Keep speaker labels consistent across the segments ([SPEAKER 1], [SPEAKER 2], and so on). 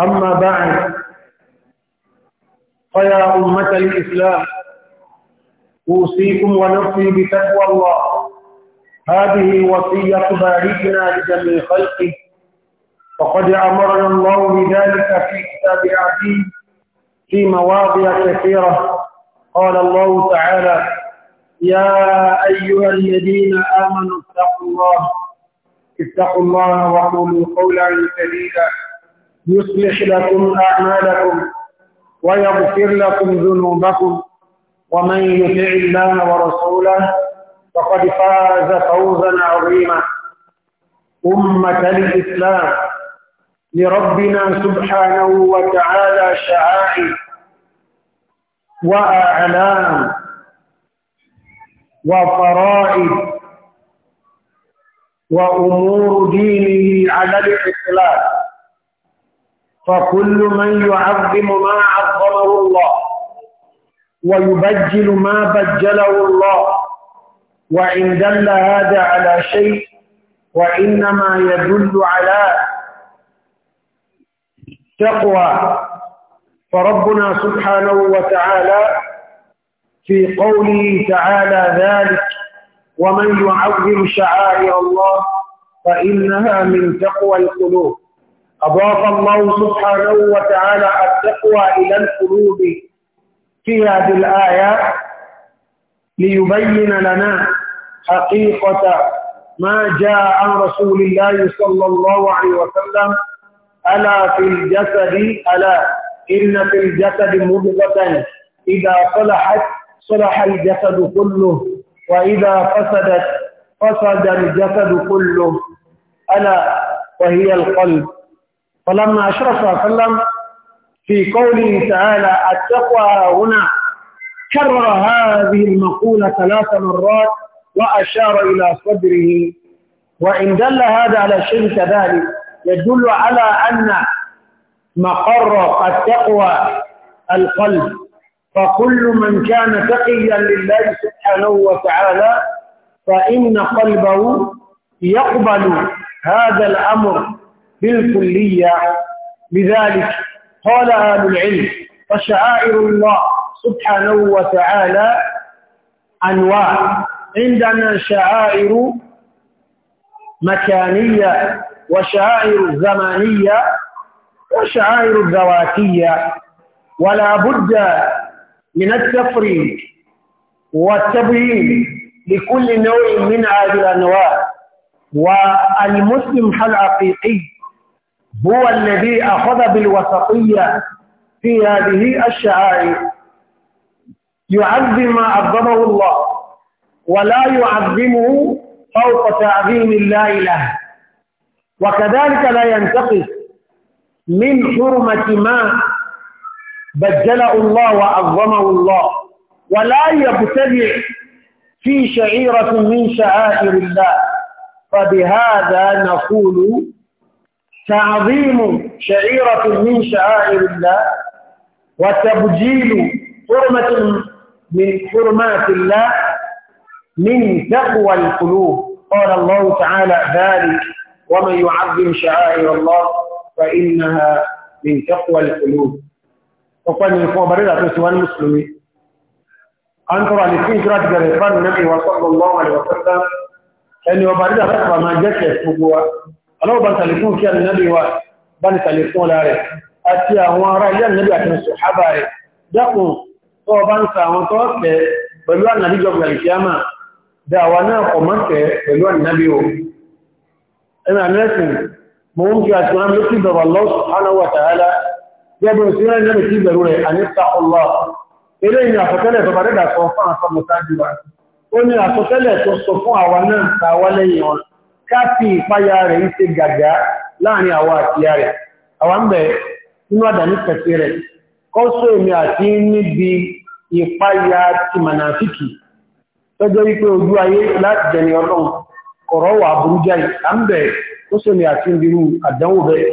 [SPEAKER 1] أما بعد فيا أمة الإسلام أوصيكم ونفسي بتقوى الله هذه وصية باركنا لجميع خلقه وقد أمرنا الله بذلك في كتاب عزيز في مواضع كثيرة قال الله تعالى يا أيها الذين آمنوا اتقوا الله اتقوا الله وقولوا قولا سديدا يصلح لكم أعمالكم ويغفر لكم ذنوبكم ومن يطع الله ورسوله فقد فاز فوزا عظيما أمة الإسلام لربنا سبحانه وتعالى شعائر وأعلام وفرائد وأمور دينه على الإسلام فكل من يعظم ما عظمه الله ويبجل ما بجله الله وإن دل هذا على شيء وإنما يدل على تقوى فربنا سبحانه وتعالى في قوله تعالى ذلك ومن يعظم شعائر الله فإنها من تقوى القلوب أضاف الله سبحانه وتعالى التقوى إلى القلوب في هذه الآية ليبين لنا حقيقة ما جاء عن رسول الله صلى الله عليه وسلم ألا في الجسد ألا إن في الجسد مضغة إذا صلحت صلح الجسد كله وإذا فسدت فسد الجسد كله ألا وهي القلب فلما أشرف صلى الله عليه وسلم في قوله تعالى التقوى هنا كرر هذه المقولة ثلاث مرات وأشار إلى صدره وإن دل هذا على شيء كذلك يدل على أن مقر التقوى القلب فكل من كان تقيا لله سبحانه وتعالى فإن قلبه يقبل هذا الأمر بالكلية لذلك قال أهل العلم فشعائر الله سبحانه وتعالى أنواع عندنا شعائر مكانية وشعائر زمانية وشعائر ذواتية ولا بد من التفريق والتبيين لكل نوع من هذه الأنواع والمسلم الحقيقي هو الذي أخذ بالوسطية في هذه الشعائر يعظم ما عظمه الله ولا يعظمه فوق تعظيم الله له وكذلك لا ينتقص من حرمة ما بجله الله وعظمه الله ولا يبتدع في شعيرة من شعائر الله فبهذا نقول تعظيم شعيرة من شعائر الله وتبجيل حرمة من حرمات الله من تقوى القلوب قال الله تعالى ذلك ومن يعظم شعائر الله فإنها من تقوى القلوب وقال من فوق بريدة سوى المسلمين أنكر على الفين جريفان النبي صلى الله عليه وسلم أن يبريدة رقبة ما جكت فوقها ọlọ́wọ́ bá ń tàlẹ̀kún kí ànìyàn wa bá ní tàlẹ̀kún ọlá rẹ̀ àti àwọn ará ilé ànìyàn àti ṣòhábà rẹ̀ dákùn tó bá ń sa àwọn tó ọ̀fẹ́ pẹ̀lú ànìyàn jọgbà ìkíyàmà dáwà náà kọ̀ mọ́kẹ̀ pẹ̀lú ànìyàn o ẹ̀mà mẹ́sìn mo ń fi àti wọn lókè bẹ̀rù Allah subhanahu wa ta'ala gẹ́gẹ́ sí rẹ̀ lẹ́nu ó ní àsọtẹ́lẹ̀ tó sọ fún àwa náà ta wá káàkì ìpáyà rẹ̀ ń ṣe gàgá láàrin àwa àti ya rẹ̀. Àwa ń bẹ̀ nínú àdàní pẹ̀sí rẹ̀, kọ́ só èmi àti níbi ìpáyà ti mànàfíkì, tọ́jọ́ wípé ojú ayé láti jẹni ọlọ́run, kọ̀rọ̀ wà burú jáì, à ń bẹ̀ kó só èmi àti ìbirú àdánwò bẹ̀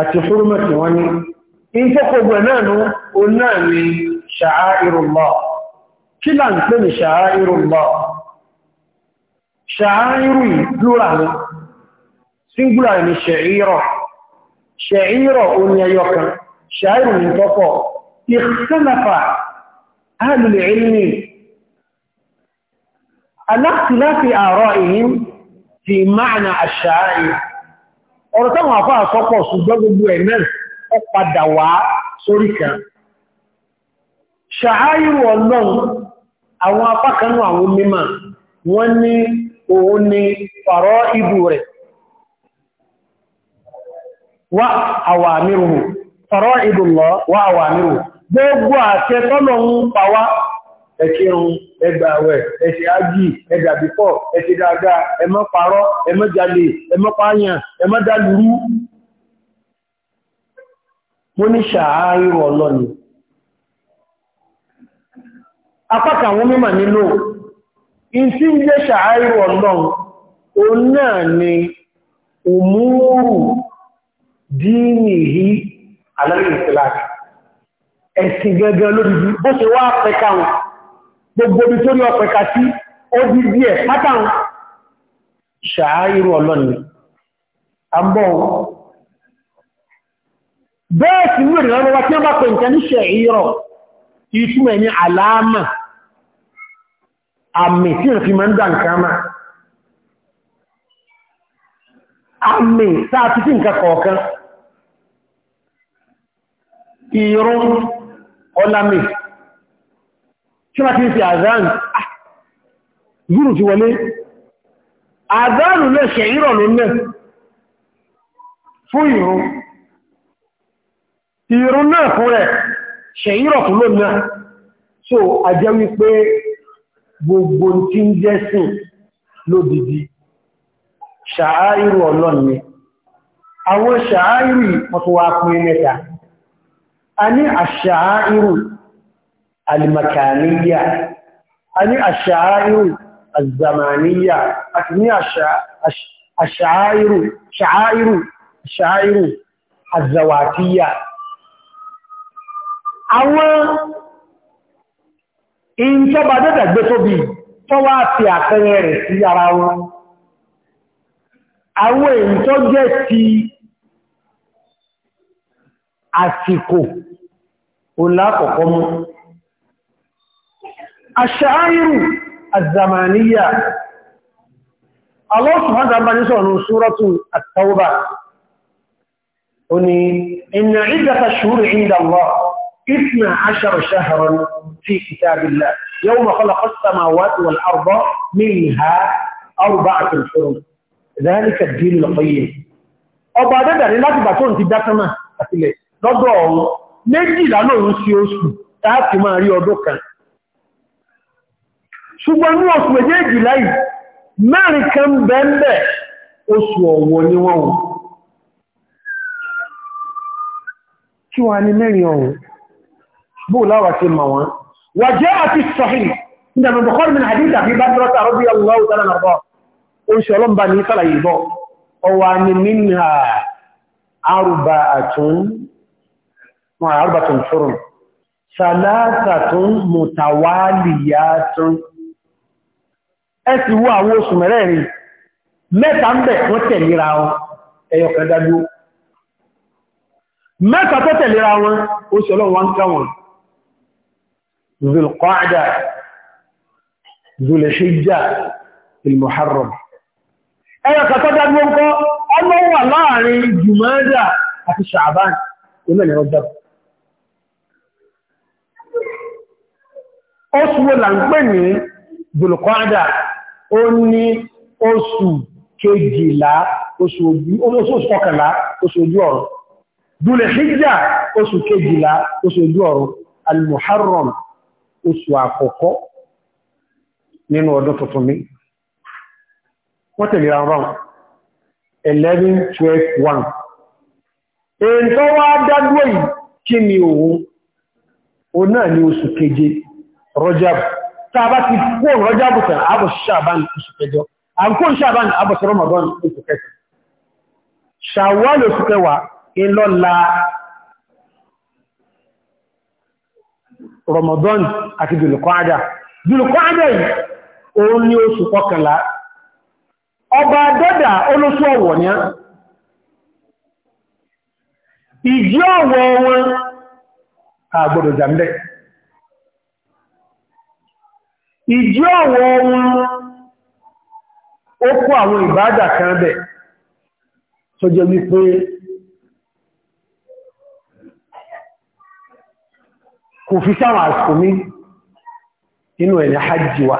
[SPEAKER 1] àti húrmọ̀tì wọn ni in tó kogbo náà nú o náà ni sha'airullah kí là ń pè ní sha'airullah sha'airu lúra ni singular ni sha'ira sha'ira o ní ẹyọkan sha'airu ni tọ́pọ̀ ikhtalafa ahlul ilmi ọ̀rọ̀ táwọn àfá àsọ́pọ̀ ṣùgbọ́n gbogbo ẹ̀ náà ó padà wá sórí kan ṣàáyìrò ọlọ́run àwọn apákanú àwọn mímọ̀ wọ́n ní òun ni fàrọ́ ìbù rẹ̀ wá àwàmírù fàrọ́ ìbù lọ wá àwàmírù gbogbo àti ẹ gbààwẹ̀ ẹ ṣe ájì ẹ dàbí pọ̀ ẹ ṣe dáadáa ẹ má parọ́ ẹ má jalè ẹ má pààyàn ẹ má dàlúrú. mo ní ṣàárò ọlọ́ni apákan àwọn mímọ̀ nínú ìsí ń jẹ́ ṣàárò ọlọ́run òun náà ni òmúrù díìnì yìí alẹ́ ìsìláàkì ẹ̀sìn gẹ́gẹ́ lórí bó ṣe wá pẹ́ka wọn gbogbo bí tó ní ọ̀pẹ̀ ká sí ó di díẹ̀ pátán ṣàáyírò ọlọ́ni àbọ̀ bẹ́ẹ̀ sí ní òrìnà lọ́wọ́ tí wọ́n bá pè nǹkan ní ṣẹ̀írọ̀ ìtumọ̀ ní àlàámà àmì tí wọ́n fi máa ń dá nǹkan máa àmì táà fi nǹkan kọ̀ọ̀kan ìrún ọlámì tí wọ́n ti ń fi àzánù ah, zúrù ti wọlé àzánù náà ṣe ìrọ̀ ló náà fún ìrún ìrún náà fún rẹ̀ ṣe ìrọ̀ fún ló náà so a jẹ́ wípé gbogbo tí ń jẹ́ sìn lódìdí ṣàáìrù ọlọ́ni àwọn ṣàáìrù ọ̀tọ̀wà pín mẹ́ta a ní àṣàáìrù alimakaniya a ní àṣàáyù azamaniya àti ní àṣàáyù ṣàáyù ṣàáyù azawatiya àwọn ìjọba dẹ́dàgbé tóbi tó wá fi àpẹẹrẹ rẹ̀ sí ara wọn àwọn èyí tó jẹ́ ti àsìkò òlákọ̀ọ́kọ́ mú الشعائر الزمانية الله سبحانه وتعالى يقول سورة التوبة إن عدة الشهور عند الله إثنى عشر شهرا في كتاب الله يوم خلق السماوات والأرض منها أربعة الحرم ذلك الدين القيم وبعد ذلك يعني لا gbà في داتما ti dátánmà àtìlẹ̀ lọ́dọ̀ ọ̀run méjìlá náà ń sí ṣùgbọ́n ní oṣù méjèèjì láì mẹ́rin kan bẹ́ẹ̀bẹ̀ oṣù ọ̀wọ̀ ni wọ́n wọ́n kí wọ́n ní mẹ́rin ọ̀wọ̀ bóò láwà sí ma wọ́n wà jẹ́ àti sahih ìdàmà bukọ́rì min hadith ẹ sì wo àwọn oṣù mẹ́rẹ̀ẹ̀rin mẹ́ta ń bẹ̀ wọ́n tẹ̀lera wọn ẹyọ kan dájú mẹ́ta tó tẹ̀lera wọn oṣù ọlọ́run wọn ká wọn zulqaada zulhijja ilmuharram ẹyọ kan tó dájú ń kọ́ ọmọ wà láàrin jùmọ́dà àti ṣàbán ó ní oṣù kejìlá oṣù kọkànlá oṣù ojú ọ̀rọ̀ dúlẹ̀ hijjá oṣù kejìlá oṣù ojú ọ̀rọ̀ al-muharram oṣù àkọ́kọ́ nínú ọdún tuntun mi wọ́n tẹ̀lé ra 11 12 1 èyí tó wá dádúwẹ̀ yìí kí ni òun òun náà tàbá ti kó rọjá bùtà àbò ṣàbán oṣù kẹjọ àkó ṣàbán àbò sí ramadan oṣù kẹjọ ṣàwọ́lù oṣù kẹwàá ìlọ́la ramadan àti dùlùkọ́ádà dùlùkọ́ádà yìí òun ni oṣù kọkànlá ọba dọ́dà olóṣù ọ̀wọ̀ ní ìjí ọ̀wọ̀ wọn àgbọ̀dọ̀ jàmdẹ́ iji ọ̀wọ̀ ohun ó kó àwọn kan bẹ̀ tó jẹ́ wípé kò fi sáwọn àsìkò inú ẹ̀lẹ̀ hajji wa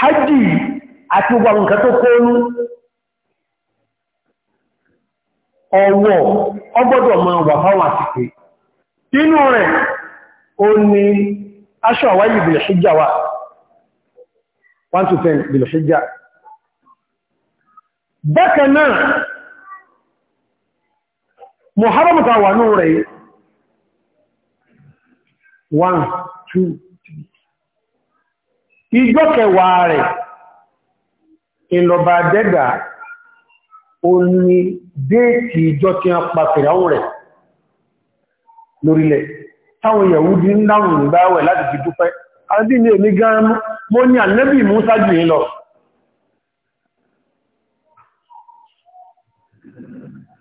[SPEAKER 1] hajji àti gbogbo nǹkan tó kóónú ọwọ́ ọgbọ́dọ̀ wà fáwọn inú rẹ̀ ó ní aṣọ àwáyé bìlìṣíjà wá 1 to 10 bìlìṣíjà bákan náà Muharram wà ní rẹ̀ 1 2 3 ìjọ́ kẹwàá rẹ̀ ìlọ̀bà dẹ́gbà ó ní déètì ìjọ tí a pàtàkì àwọn rẹ̀ lórílẹ̀ táwọn Yẹ̀húdí ń dáhùn ìgbàwẹ̀ láti fi dúpẹ́ àbí ní gan mọ́ ní ànẹ́bì jù lọ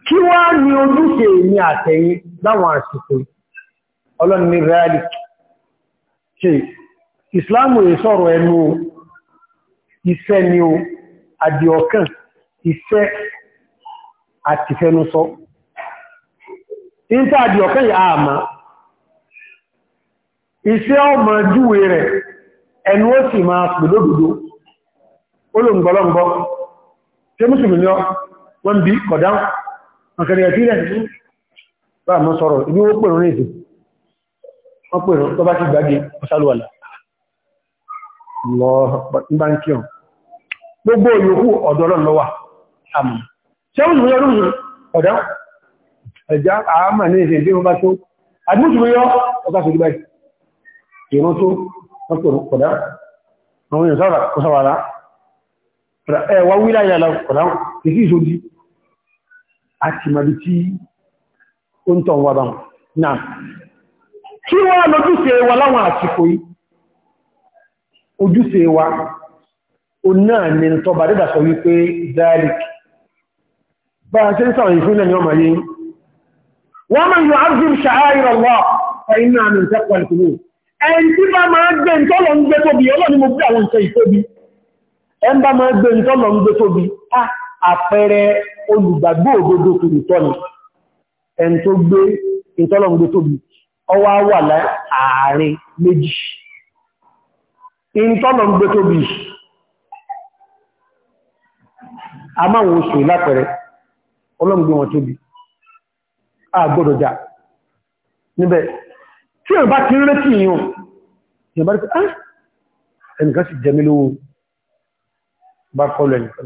[SPEAKER 1] kí wá ní ojúṣe èmi àtẹ̀yìn láwọn àsìkò ọlọ́ni ní ṣe ìsìláàmù ìsọ̀rọ̀ ẹnu iṣẹ́ ni o iṣẹ́ iṣẹ́ ọmọ júwe rẹ̀ ẹnu ó sì máa pè lódòdó olóǹgbọ́lọ́ǹgbọ́ tí mùsùlùmí ni wọ́n bí kọ̀dáun ọ̀kẹ̀rẹ̀ ẹ̀tí rẹ̀ bá mọ́ sọ̀rọ̀ ibi ó pèrò ní ìsìn wọ́n pèrò tó bá ti gbági ọ̀sálùwàlà gbogbo yòókù ọ̀dọ́lọ́n lọ́wà àmì ṣe ó ṣùgbọ́n yọ́rùn ọ̀dá ẹ̀já àmà ní ìsìn tí wọ́n ìrún tó ọkùnrin kọ̀dá àwọn èèyàn sára kó sáwàrá ẹwà wílá ìyàlá kọ̀dá ìsí ìṣòdí àti màbí tí ó ń tọ̀ wà bá náà kí wọ́n lójúṣe wa láwọn àsìkò yìí ojúṣe wa o náà ni tọba dídà sọ wípé dalek bá ṣe ń sọ̀rọ̀ ìfúnlẹ̀ ni ọmọ yìí wọ́n mọ̀ yóò ẹn tí bá máa gbé ǹtọ́lọ̀ ń gbé tóbi ọlọ́ni mo gbé àwọn ìṣẹ́ ìtóbi ẹn bá máa gbé ǹtọ́lọ̀ ń gbé tóbi á àpẹẹrẹ olùgbàgbó òdodo tó ìtọ́ni ẹn tó gbé ǹtọ́lọ̀ ń gbé tóbi ọwá wà a máa wọ́n sùn lápẹẹrẹ níbẹ̀ tí ẹ̀bá ti ń rétí yíò ìyàbá rí ah ẹnìkan sì jẹmí lówó bá kọlu ẹnìkan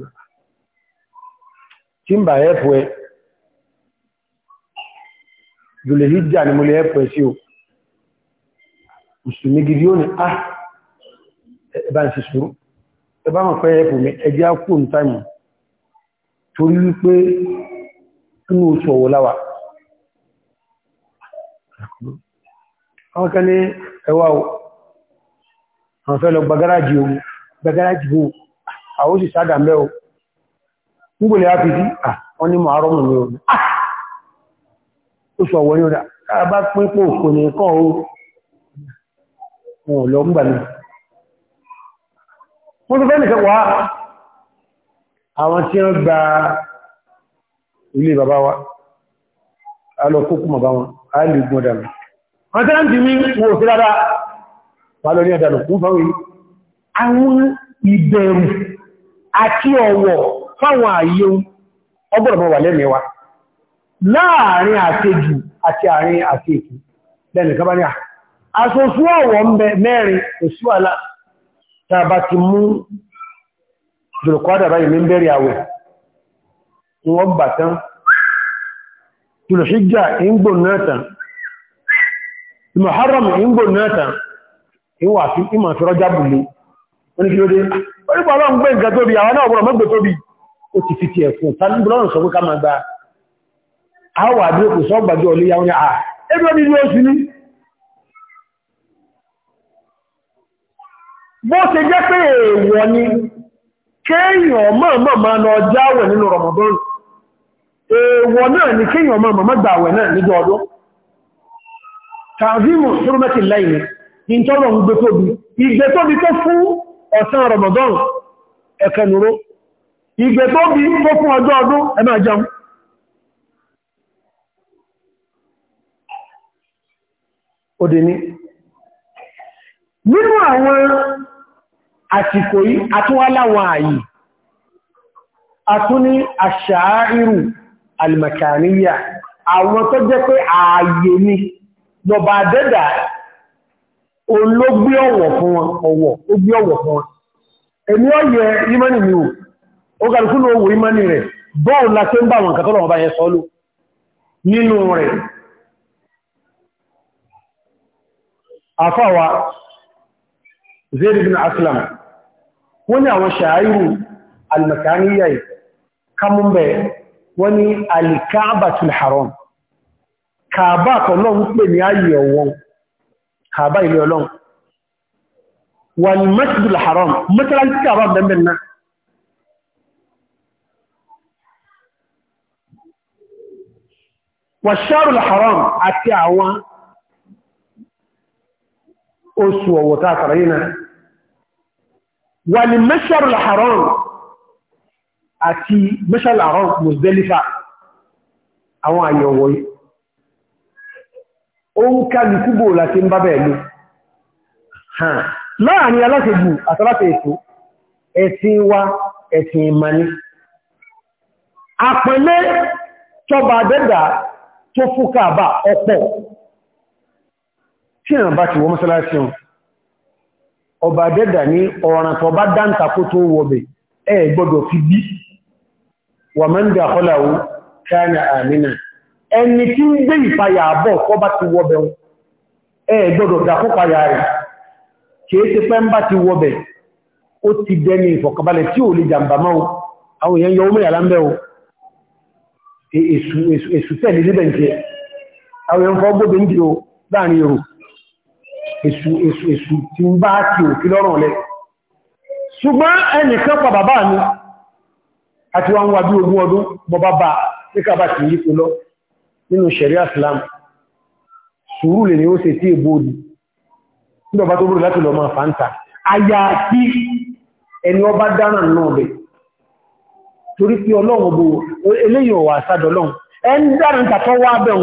[SPEAKER 1] tí ń bà ẹ́pù ẹ jùlẹ̀ hijjá ni mo lè ẹ́pù ẹ sí o mùsùlùmí gidi ó ní ah ẹbá ń sì sùúrù ẹbá wọn fẹ́ ẹ́pù mi ẹjẹ́ á kú ní táìmù torí wípé inú oṣù ọ̀wọ̀ àwọn kan ní ẹwà o àwọn fẹ́ lọ gbagaraji o gbagaraji o àwọn òsì sádà mẹ́ o nígbòlẹ̀ á fi sí àwọn ní mọ̀árọ́mù ní o ó sọ wọ́n ní ọ̀dá bá pín pò kò ní kọ́ o wọn lọ gbà ní wọ́n tó fẹ́ nìkan wá àwọn tí wọ́n gba ilé bàbá wa a lọ kókùn wọn a lè gbọ́dà mọ́ wọ́n tẹ́lá ti mí wọ́n sí rárá wà lórí ẹ̀dàlù fún fáwọn èyí àwọn ìbẹ̀rù àti ọ̀wọ̀ fáwọn ààyè ọgbọ̀rọ̀mọ̀ wà lẹ́mẹ̀wá láàrin àtejù àti àárín àtejù lẹ́nì kábáníà aṣoṣú ọ̀wọ̀ mẹ́rin oṣù àlá tàbá ti mú jùlọkọ́dà báyìí ní bẹ̀rẹ̀ àwẹ̀ wọ́n bàtán jùlọ̀ṣíjà ìgbò náà tàn Muharram ìgbò náà tàn ìwà tí ìmọ̀ fi rọ́já bùlé wọ́n kí ló dé orípa ọlọ́run gbé nǹkan tóbi àwọn náà ọ̀bọ̀rọ̀ mọ́gbẹ̀ tóbi ó ti fi kéèyàn lọ jáwẹ̀ nínú èèwọ̀ náà ni kéèyàn gbàwẹ̀ náà níjọ ọdún tààzímù ṣúrùmẹ́tì láìní ní tọ́lọ̀ ń gbé tóbi ìgbé tóbi tó fún ọ̀sán Ramadan ẹ̀kẹnuró ìgbé tóbi tó fún ọjọ́ ọdún ẹ máa jẹun òdè ní nínú àwọn àsìkò yìí àtúnwáláwọn ààyè àtúní àṣàárù alìmàkàníyà àwọn tó jẹ́ pé ààyè ni lọ́ba àdẹ́dà olóògbé ọ̀wọ̀ fún wọn ọ̀wọ̀ ó gbé ọ̀wọ̀ fún wọn èmi ọ̀yẹ ìmánì mi ò ó gàrùkú ní owó ìmánì rẹ̀ bọ́ọ̀ la ṣe ń bá wọn kàtọ́lọ̀ ọba yẹn sọ́lú nínú rẹ̀ afáwa Zayd ibn Aslam wọ́n ní àwọn ṣàáyù alìmọ̀kàníyà kamúnbẹ̀ wọ́n ní alìkáàbàtul haram kàbá àtọ̀lọ́run pè ní ayé ọ̀wọ́n kàbá ilé ọlọ́run wà ní masjidul haram mọ́sálásí kàbá bẹ̀mẹ̀ náà wà ṣárùl haram àti àwọn oṣù ọ̀wọ̀ta àtàràyí náà wà ní masjidul haram àti masjidul haram Muzdalifa àwọn àyẹ̀wọ̀ yìí ó ń kálukú bò láti ń bá bẹ̀ ló láàrin aláṣẹ́jù àtàláṣẹ́ ètò ẹ̀sìn wa ẹ̀sìn ìmọ̀ni àpẹẹlẹ́ tọba dẹ́dà tó fúkà bá ọ̀pọ̀ tí ìrìnbá ti wọ́n mọ́sálásí ọba dẹ́dà ní ẹni tí ń gbé ìpayà àbọ̀ kọ́ bá ti wọbẹ̀ ẹ gbọ́dọ̀ dàkópayà rẹ̀ kìí ṣe pẹ́ ń bá ti wọbẹ̀ ó ti dẹni ìfọ̀kàbalẹ̀ tí ò lè jàmbá máa àwọn èèyàn yọ ó mẹ́yà lámbẹ́ o e, èsù tẹ̀lé níbẹ̀ ń jẹ àwọn èèyàn fọ́ gbóbe ń jẹ o tí ń bá lọ nínú ṣẹ̀rí islam sùúrù lè ní ó se tí èbòdì nígbàbá tó búrú láti lọ máa fàntà àyà tí ẹni ọba dára náà bẹ̀ torí pé ọlọ́run bó eléyìn ọ̀wà àsádọ̀ ọlọ́run ẹni dára ń tàtọ́ wá bẹ̀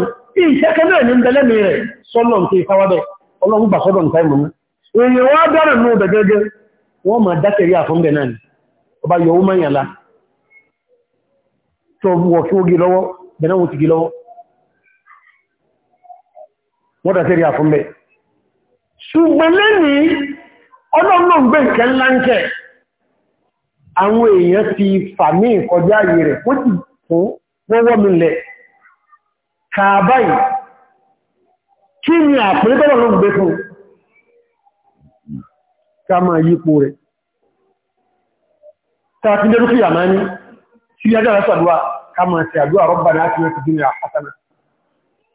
[SPEAKER 1] ìṣẹ́kẹ́ náà ní bẹ̀lẹ́mì rẹ̀ sọ́lọ̀ ń ké fáwábẹ̀ ọlọ́run gbà sọ́dọ̀ nǹkan ìmọ̀ èèyàn wá dára náà bẹ̀ gẹ́gẹ́ wọ́n máa dákẹ̀rí àfọ́nbẹ̀ náà ni ọba yọ̀wó máyànlá tó wọ̀ kí ó gé lọ́wọ́ bẹ̀rẹ̀ wọ́n ti gé lọ́wọ́ wọ́n dá sẹ́rí àfún bẹ́ ṣùgbọ́n lẹ́ni ọlọ́nà ń gbé nǹkan ńlá ń kẹ́ àwọn èèyàn ti fàmí ìkọjá ayé rẹ̀ wọ́n ti fún wọ́wọ́ mi lẹ̀ kàbáyì kí ni àpẹẹrẹ tọ́lọ̀ ló ń gbé fún ká máa yípo rẹ̀ tàbí lẹ́rú ṣe àdúwà rọ́bà láti mẹ́ta dínlẹ̀ àpátánà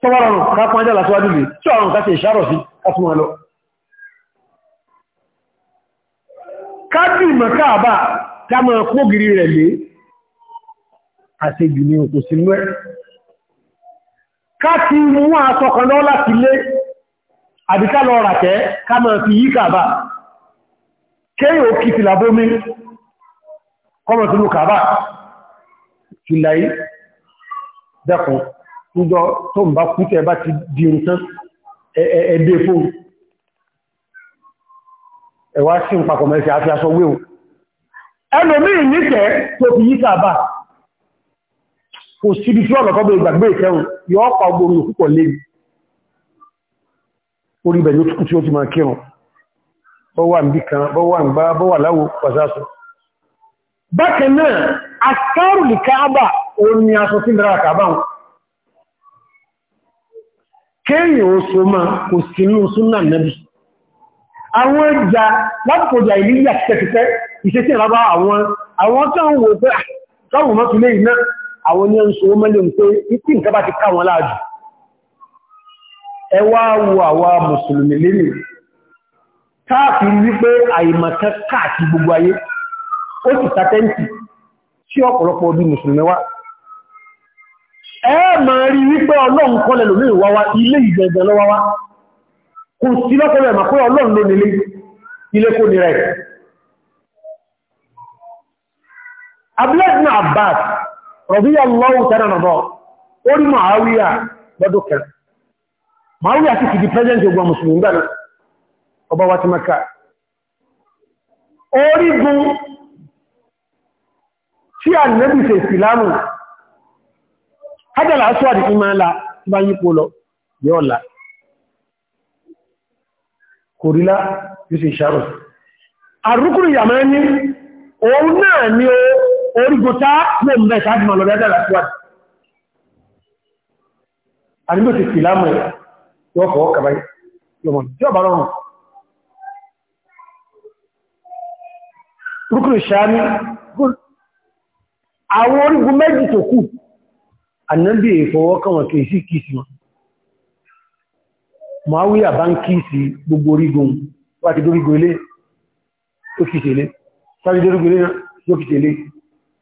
[SPEAKER 1] tọ́wọ́rọ̀rùn kápọ̀ ẹjọ́ lásíwájú lè tí ọ̀rùn ká ṣe ìṣàrọ̀ sí ọtúnmọ̀ lọ. káàkì mọ̀káàbà dámọ̀ kó gírí rẹ̀ lé àṣejù ní òkú sínú ẹ̀ káàkì mú àtọkàn lọ láti lé àbíká lọ ràtẹ́ kámọ̀ fi yí kàbà kéyò kí fìlàbómi kọmọ̀ sínú kàbà fìlàyí dẹ́kùn níjọ tó ń bá kútẹ̀ bá ti di nǹkan ẹ̀ẹ́dẹ́ fóòn ẹ̀wà sí ń papọ̀ mẹ́sẹ̀ àti aṣọ wéhùn ẹlòmíì nítẹ̀ tó fi yíká bá kò síbi tí ọ̀nà tọ́bẹ̀ ìgbàgbé ìkẹun yọ ọ̀pá ogbòrò púpọ̀ lébi orí ibẹ̀ ló túkù tí ó ti máa kírun bọ́wà ń bí kan bọ́wà ń gbá bọ́wà láwo pàṣásọ bákan náà asárùlì káàbà òun ni aṣọ sí mẹ́ra kàbáhùn kéèyàn oṣù ma kò sí ní súnnà nẹ́bí àwọn ìjà lápòjà ìlú ìyà tẹ́tẹ́tẹ́ ìṣẹ́sí ìrọba àwọn àwọn tán wò pé ah, káwọn mọ́ fi lé iná àwọn ní oṣù mẹ́lẹ̀ pé ìpín nǹkan bá ti káwọn láàájú ẹ wá wo àwa mùsùlùmí lẹ́nu káàfi wípé àìmọ̀kan káàkiri gbogbo ayé ó sì sátẹ́ǹtì tí ọ̀pọ̀lọpọ̀ ọdún mùsùlùmí wá e máa rí wípé ọlọ́run kọ́lẹ̀ lómi ìwáwá ilé ìgbẹ̀gbẹ̀ lọ́wọ́wá kò sí lọ́kọ̀ọ́lẹ̀ mà pé ọlọ́run ló nílé ilé kò ní rẹ̀ abbas rọ̀bíyà lọ́wọ́ tẹ́rẹ̀ nàbọ̀ ó orígun tí hajjala aswadi ima la bá yípo lọ yóò la kò rí lá yóò sì ṣàrọ̀ àrúkùnrin yàmá ní òun náà ni orígbótá mọ́ mẹ́ sáàdìmọ̀ lọ dáadáa aswadi àrígbò ti fi lámọ̀ yóò fọ́ kàbáyé yọmọ̀ tí ọ bá rọrùn rúkùnrin ṣáà ní àwọn orígun méjì tó kù annabi ìfọwọ́kàn wọn kìí sí kìí sí wọn Muawiya bá ń kìí sí gbogbo orígun wà ti dórígun ilé tó kìí sí ilé sáré dórígun ilé tó kìí sí ilé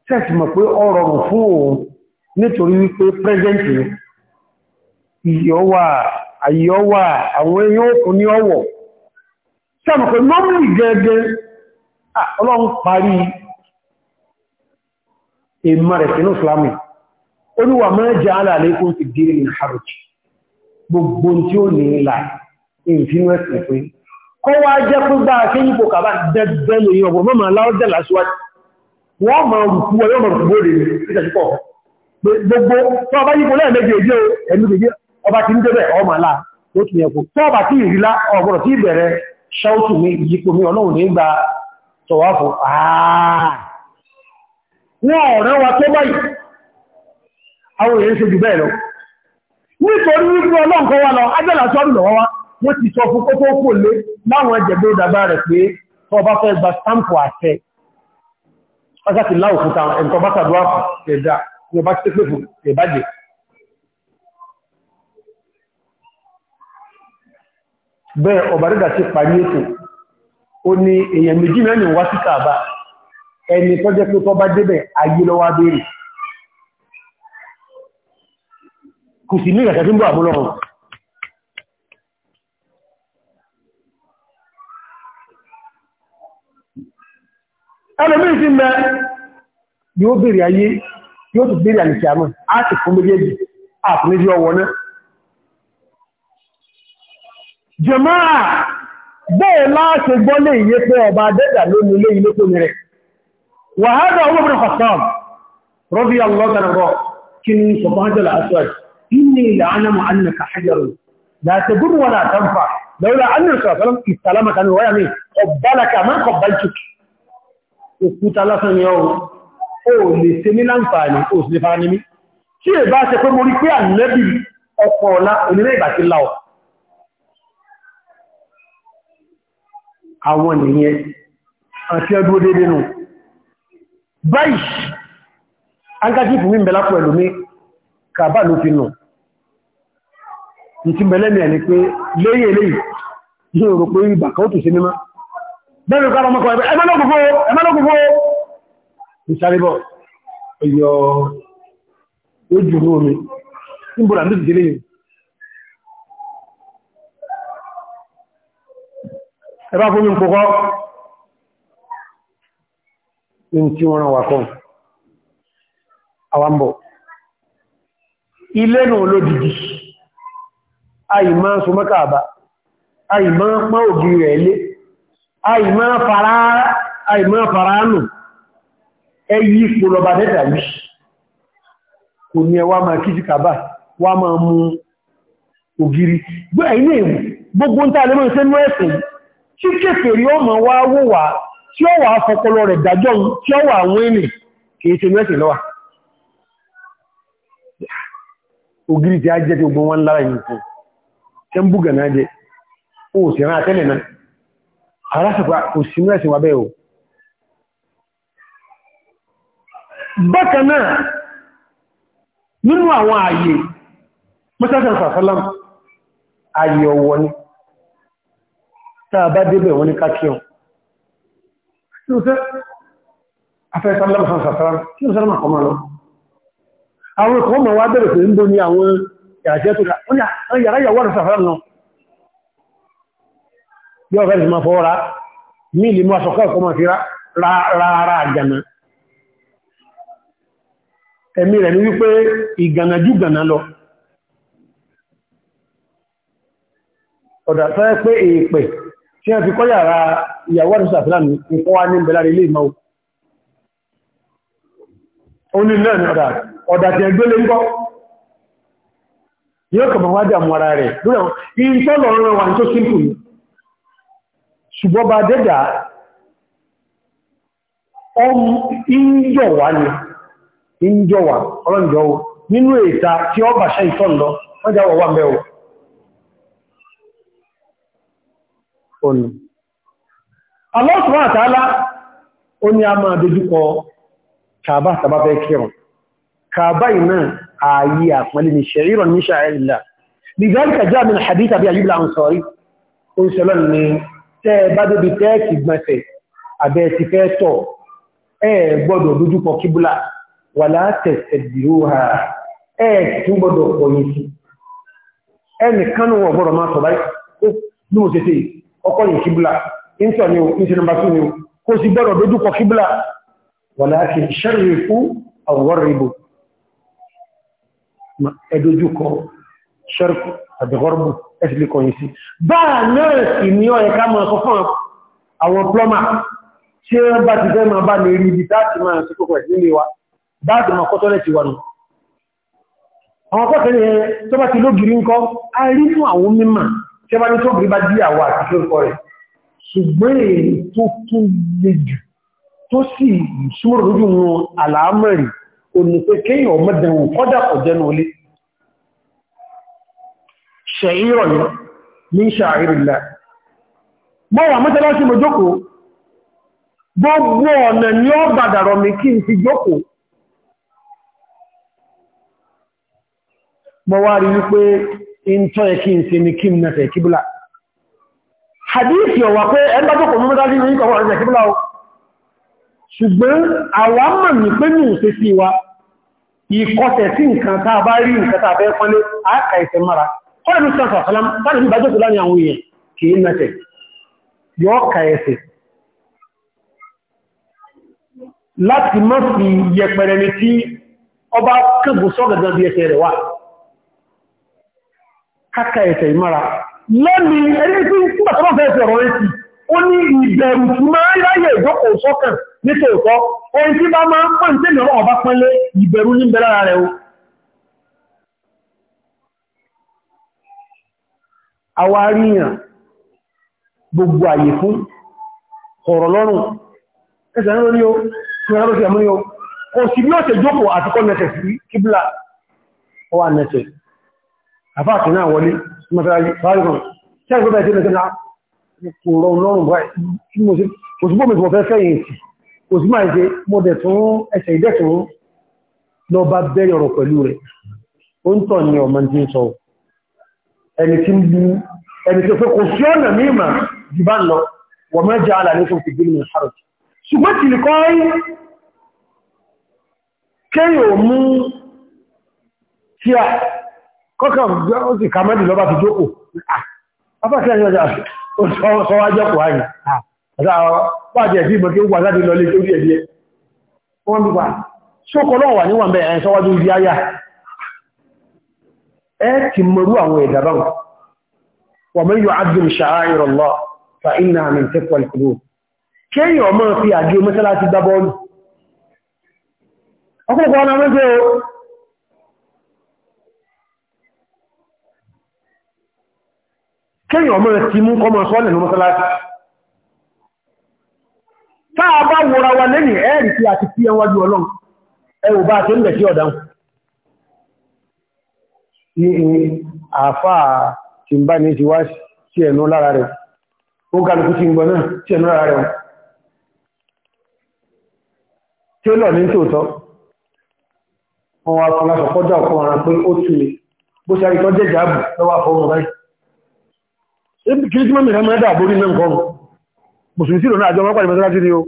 [SPEAKER 1] sẹ́ẹ̀sì mọ̀ pé ọ̀rọ̀ rùn fún òun nítorí wípé pẹ́sẹ̀ntì ìyọ́wà àyọ́wà àwọn èèyàn òkun ní ọwọ̀ sẹ́ẹ̀mọ̀ pé gẹ́gẹ́ ọlọ́run parí èèmọ̀ rẹ̀ sínú Islamic olúwa máa jẹ́ aláàlékún ti dé ní harrods gbogbo tí ó ní ìlà ìfínú ẹ̀sìn pé kọ́ wá jẹ́ pé gbá ṣe yípo kàbá dẹ́gbẹ́ lórí ọgbọ̀n mọ́ máa láwọ́ dẹ̀ láṣíwájú wọ́n máa rùkú ọyọ́ mọ̀ rùkú bóòrè ìtẹ̀síkọ̀ gbogbo tó ọba yípo lẹ́ẹ̀mẹ́jì èdè ẹ̀lú gbogbo ọba ti ń débẹ̀ ọmọ àlá ó tún yẹ kó tó ọba tí ìrìlá ọgbọ̀rọ̀ tí ìbẹ̀rẹ̀ ṣáútù mi yípo mi ọlọ́run ní gba tọ̀wáfọ̀ àà wọn ọ̀rẹ́ wa tó báyìí àwọn èèyàn ṣe jù bẹ́ẹ̀ lọ nítorí wípé ọlọ́nkọ́ wá lọ ajẹ́là sọ́rù lọ́wọ́ wá wọ́n ti sọ fún kókó kò lé láwọn ẹjẹ̀gbé dàbá rẹ̀ pé tó bá fẹ́ gba stampo àṣẹ ọjọ́kì láòkúta ẹ̀kọ́ bá sàdúwà ẹ̀dá ní ọba tẹ́pẹ́ fún ẹ̀bájẹ̀ bẹ́ẹ̀ ọba rídà ti pa ní ètò ó ní èèyàn méjì mẹ́rin wá sí kàbá ẹni tó jẹ́ pé tó bá débẹ̀ ayé lọ́wọ́ béèrè kò sì ní ìrẹ̀kẹ́ tí ń bọ̀ àmúlọ́run ẹlòmí sí mẹ́ yóò bèèrè ayé yóò tó bèèrè àlìsì àmọ́ á ti fún méjèèjì àfún méjì ọwọ́ náà jẹmáà bẹ́ẹ̀ láti gbọ́ lè yé pé ọba adẹ́dà lónìí ilé ilé tó ní rẹ̀ wàhálà owó bẹ̀rẹ̀ kọ̀tọ́ rọ́bí àwọn ọlọ́gbẹ̀rẹ̀ rọ̀ kí ni sọ̀kọ́ hajjọ́lá aswad inni la'alamu annaka hajarun la tadur wa la tanfa laula anna sallallahu alaihi wasallam kan waya mi qabbalaka man qabbaltuk òkúta lásán ni ọrùn ó lè ṣe ní láǹfààní ó sì lè fara ní mí tí è bá ṣe pé mo rí pé ànẹ́bì ọkọ̀ ọ̀la onílé ìgbà ti láọ̀ àwọn nìyẹn àti ọdún dédé nù báyìí angájífù mi ń bẹ lápò ẹlòmíì kàbá ló fi nù ní tí mẹ́lẹ́mì ẹni pé lẹ́yìn ilé yóò rò pé ìgbà kan ó tù sí mímá bẹ́rẹ̀ kára ọmọkọ̀ ẹgbẹ́ ẹmọ́lọ́gbogbo ẹmọ́lọ́gbogbo ìsàrẹ́bọ̀ ọyọ ojú ní omi níbòrà ní ìdílé yìí ẹbá ilé nù lódìdí àìmá súnmọ́kàbà àìmá pọ́ ògì rẹ̀ ilé àìmá faránù ẹyí pòlọba dẹ́ta yìí kò ní ẹwà máa kí síkàbà wà máa mú ògiri gbogbo ń tàà lẹ́mọ̀ ìṣẹ́nú ẹ̀sìn tí kéfèrí ọmọ wá wó wà tí ó wà fọpọlọ rẹ̀ dájọ́ tí ó wà wọ́n ènìyàn kìí ṣe mẹ́sìn lọ́wà ògiri tí a jẹ́ tí ogun wọn lára yìí fún tẹ́ ń búgà náà jẹ́ ó sì rán àtẹ́lẹ̀ náà ara sọ̀pá kò sí mú ẹ̀sìn wàbẹ́ o bákan nínú àwọn ààyè mọ́sásán sàfẹ́lám ni tàbá débẹ̀ wọn ni kákíọ̀n Afẹ́ sálámà sàfẹ́lám kí ó sálámà àwọn kan mọ̀ wá bẹ̀rẹ̀ pé ń bó ní àwọn yàjẹ́ tó yàrá yàwó rẹ̀ sàfẹ́rẹ̀ náà yóò fẹ́ sí ma fọ́ ra ní ilé máa sọ̀kọ́ ẹ̀kọ́ máa fi rárá àgànà ẹ̀mí rẹ̀ ní wípé ìgànà jù gànà lọ ọ̀dà tó yẹ pé èèpẹ̀ tí wọ́n fi kọ́ yàrá ìyàwó rẹ̀ sàfẹ́rẹ̀ ní ní ìbẹ̀lá ilé ìmáwó onu náà ni ọ̀dà ọ̀dà dị ń gbọ́ yóò kàbà wá jà rẹ̀ lórí àwọn ìtọ́lọ̀ ọ̀rọ̀ wà tó sínkù ní ṣùgbọ́n bá dẹ́dà ìjọwà ni ìjọwà ọlọ́njọ́ nínú èta tí ọ kàbá tàbá fẹ́ kírùn kàbá iná ààyè àpẹẹlẹ̀ ni ṣe'íran ní ṣàìlá lìgbàríkà já mi hadith àbí àyíbìlá ń sọ̀rí ó ń sọlọ́ ni tẹ́ bá débi tẹ́ẹ̀kì gbẹ̀fẹ̀ abẹ́ ti fẹ́ tọ̀ ẹ gbọ́dọ̀ dojúkọ kíbúlà wà látẹ̀ẹ̀sẹ̀ dìró ha ẹ tún gbọ́dọ̀ pọ̀yìn sí ẹnì kánú wọn sì gbọ́dọ̀ dojúkọ kíbúlà walakin sharrifu aw gharribu ẹdójúkọ sharrifu àti gharribu ẹ̀sìlẹ̀ kọ̀yìn sí báà náà sì ní ọ̀yẹ̀ ká mọ̀ ọ̀kọ́ fún àwọn plọ́mà tí wọ́n bá ti fẹ́ máa bá lè rí ibi táàtì máa sí kòkò ẹ̀sìn lè wa báàtì máa kọ́ tọ́lẹ̀ ti wà nù àwọn kọ́kẹ́lẹ̀ tó bá ti lógiri ń kọ́ a rí fún àwọn mímà tí wọ́n bá ní tó gírí bá dí àwọ àti tó ń kọ́ rẹ̀ ṣùgbọ́n èyí tó tún le jù tó sì súnmọ́ lójú wọn àlàámẹ̀rì onípe kéyàn ọmọdẹ̀wò kọ́dà ọ̀jẹ́nu olé ṣẹ̀yìnrọ̀ yẹn ní ṣàárìlá mọ́wàá mọ́tẹ́lá sí mo jókòó gbogbo ọ̀nà ni ó bàdàrọ̀ mi kí n fi jókòó mọ́ wá rí wípé in tọ́ ẹ kí n se ni kí n nẹ́fẹ̀ẹ́ kíbùlá hadith yọ̀wà pé ẹgbẹ́ jókòó ṣùgbọ́n àwa mọ̀ ní pé ní òṣè sí wa ìkọsẹ̀ sí nǹkan tàà bá rí nǹkan tàà bẹ́ pọ́nlé àkà ìsẹ̀ mara kọ́lẹ̀lú sọ́sọ̀ sọ́lám tàbí bí bájọ́ tọ́lá ní àwọn èèyàn kìí mẹ́tẹ̀ yọ́ ka ẹsẹ̀ láti mọ́ fi yẹpẹrẹ ní tí ọba kẹ́gbù sọ́gẹ̀gẹ́ bí ẹsẹ̀ rẹ̀ wà káka ẹsẹ̀ ìmára lẹ́ni ẹni ó ní ìbẹ̀rù tí máa ń ráyẹ̀ ìjọ́kọ̀ nítòótọ́ ohun tí bá máa ń pọ̀ ní tèmi ọba pọ́nlé ìbẹ̀rù ní bẹ lára rẹ̀ o àwa ríyàn gbogbo àyè fún ọ̀rọ̀ lọ́rùn ẹsẹ̀ ń lórí o tí wọ́n rọ́sí ẹ̀mú ní o kò sí bí ó ṣe jókòó àti kọ́ nẹ́sẹ̀ sí kíbla ọwà nẹ́sẹ̀ àfáàkì náà wọlé mọ́sára fáàrùn tí a gbọ́bẹ̀ẹ́ tí ó nẹ́sẹ̀ náà kò rọrùn lọ́rùn báyìí kò sí máa ṣe mo dẹ̀ tún ẹsẹ̀ ìdẹ́tún lọ bá bẹ́rẹ̀ ọ̀rọ̀ pẹ̀lú rẹ̀ ó ń tọ̀ ní ọmọ tí ń sọ ẹni tí ń bú ẹni tí ó fẹ́ kò sí ọ̀nà mímọ̀ jù bá ń lọ wọ́n mẹ́ ah, jẹ́ alà nífún fi gbìmọ̀ pàtẹ́ ẹ̀sí ìmọ̀ kí ó wà láti lọ lé torí ẹ̀díẹ̀ wọ́n bí wà ṣókọ́ lọ́wọ́ wà níwọ̀n bẹ̀rẹ̀ ẹ̀ sọ́wọ́dún ibi ayá ẹ́ ti mọ̀rú àwọn ìdàbàn wà mọ́ yóò adùn ṣàáìrọ̀lọ́ fa iná àmì tẹ́kọ̀ọ́ ìpínlẹ̀ kéèyàn ọmọ fi àjò mọ́sálásí gbá bọ́ọ̀lù táà bá wòra wa lẹ́nì ẹ̀rì tí a ti fi ẹwàjú ọlọ́run ẹwò bá ti ń bẹ̀ sí ọ̀dáhùn ní àfá tí ń bá ní ti wá sí ẹ̀nú lára rẹ̀ ó kàlùkù ti ń gbọ́ náà sí ẹ̀nú lára rẹ̀ tí ó lọ wọn wá fún aṣọ kọjá ọkọ ọ̀ràn pé ó tù lè bó ṣe àríkọ́ jẹ́jà ààbò lọ́wọ́ àfọwọ́ báyìí kí tí mọ́mí rẹ̀ máa dà náà kọrùn mùsùlùmí sí ìrònà àjọ wọn pàdé mọ́sálásí ni ó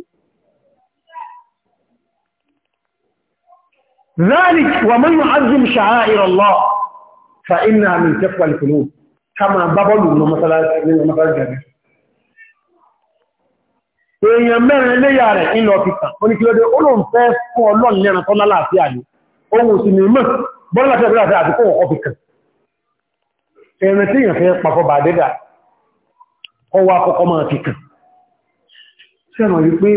[SPEAKER 1] ذلك ومن يعظم شعائر الله فإنها من تقوى القلوب كما بابلو من مصالح من مصالح جابر èèyàn mẹ́rin léyà rẹ̀ ìlọ ọ̀fíkà oníkílódé olóhùn fẹ́ fún ọlọ́run lẹ́ran tọ́lá láàáfíà ní ohun sí ni mọ́ bọ́lá láti ọ̀fíkà àti kó ọ̀fíkà ẹ̀rẹ̀ tí èèyàn fẹ́ pàfọ́ bà dẹ́dà ọwọ́ máa fi fẹ́ràn wípé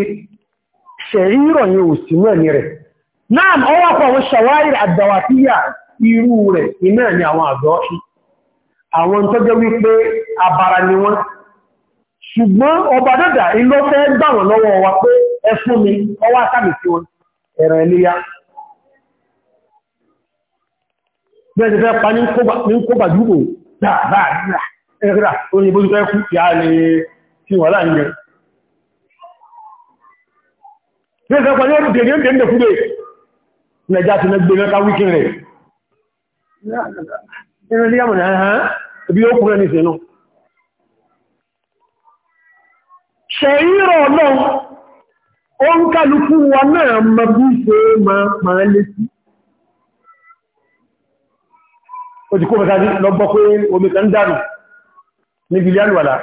[SPEAKER 1] ṣẹ̀rí ìrọ̀yìn ò sí mẹ́ni rẹ̀ náà ọwọ́ pọ̀ àwọn ṣàwárí àdàwàtíyà irú rẹ̀ iná ni àwọn àgọ́ àwọn tó jẹ́ wípé abara ni wọ́n ṣùgbọ́n ọba dọ́dà ilọ́ fẹ́ gbà lọ́wọ́ wa pé ẹ fún mi ẹ̀rọ ẹlẹ́yà tí wọ́n láàrin rẹ̀ bí ẹ̀sẹ̀ pẹ̀lú ọdún tèmi ń tèmi kúrè nàìjà ti gbé mẹ́ta wíkì rẹ̀ nínú ilé àmọ̀ náà hàn ibi ó kúrẹ́ nìsẹ̀ náà ṣẹ̀yìnrọ̀ náà ó ń kálukú wa náà mọ bí ṣe máa máa létí ó ti kó mẹ́ta lọ́gbọ́ pé omi kan dànù níbi ilé àlùwàlà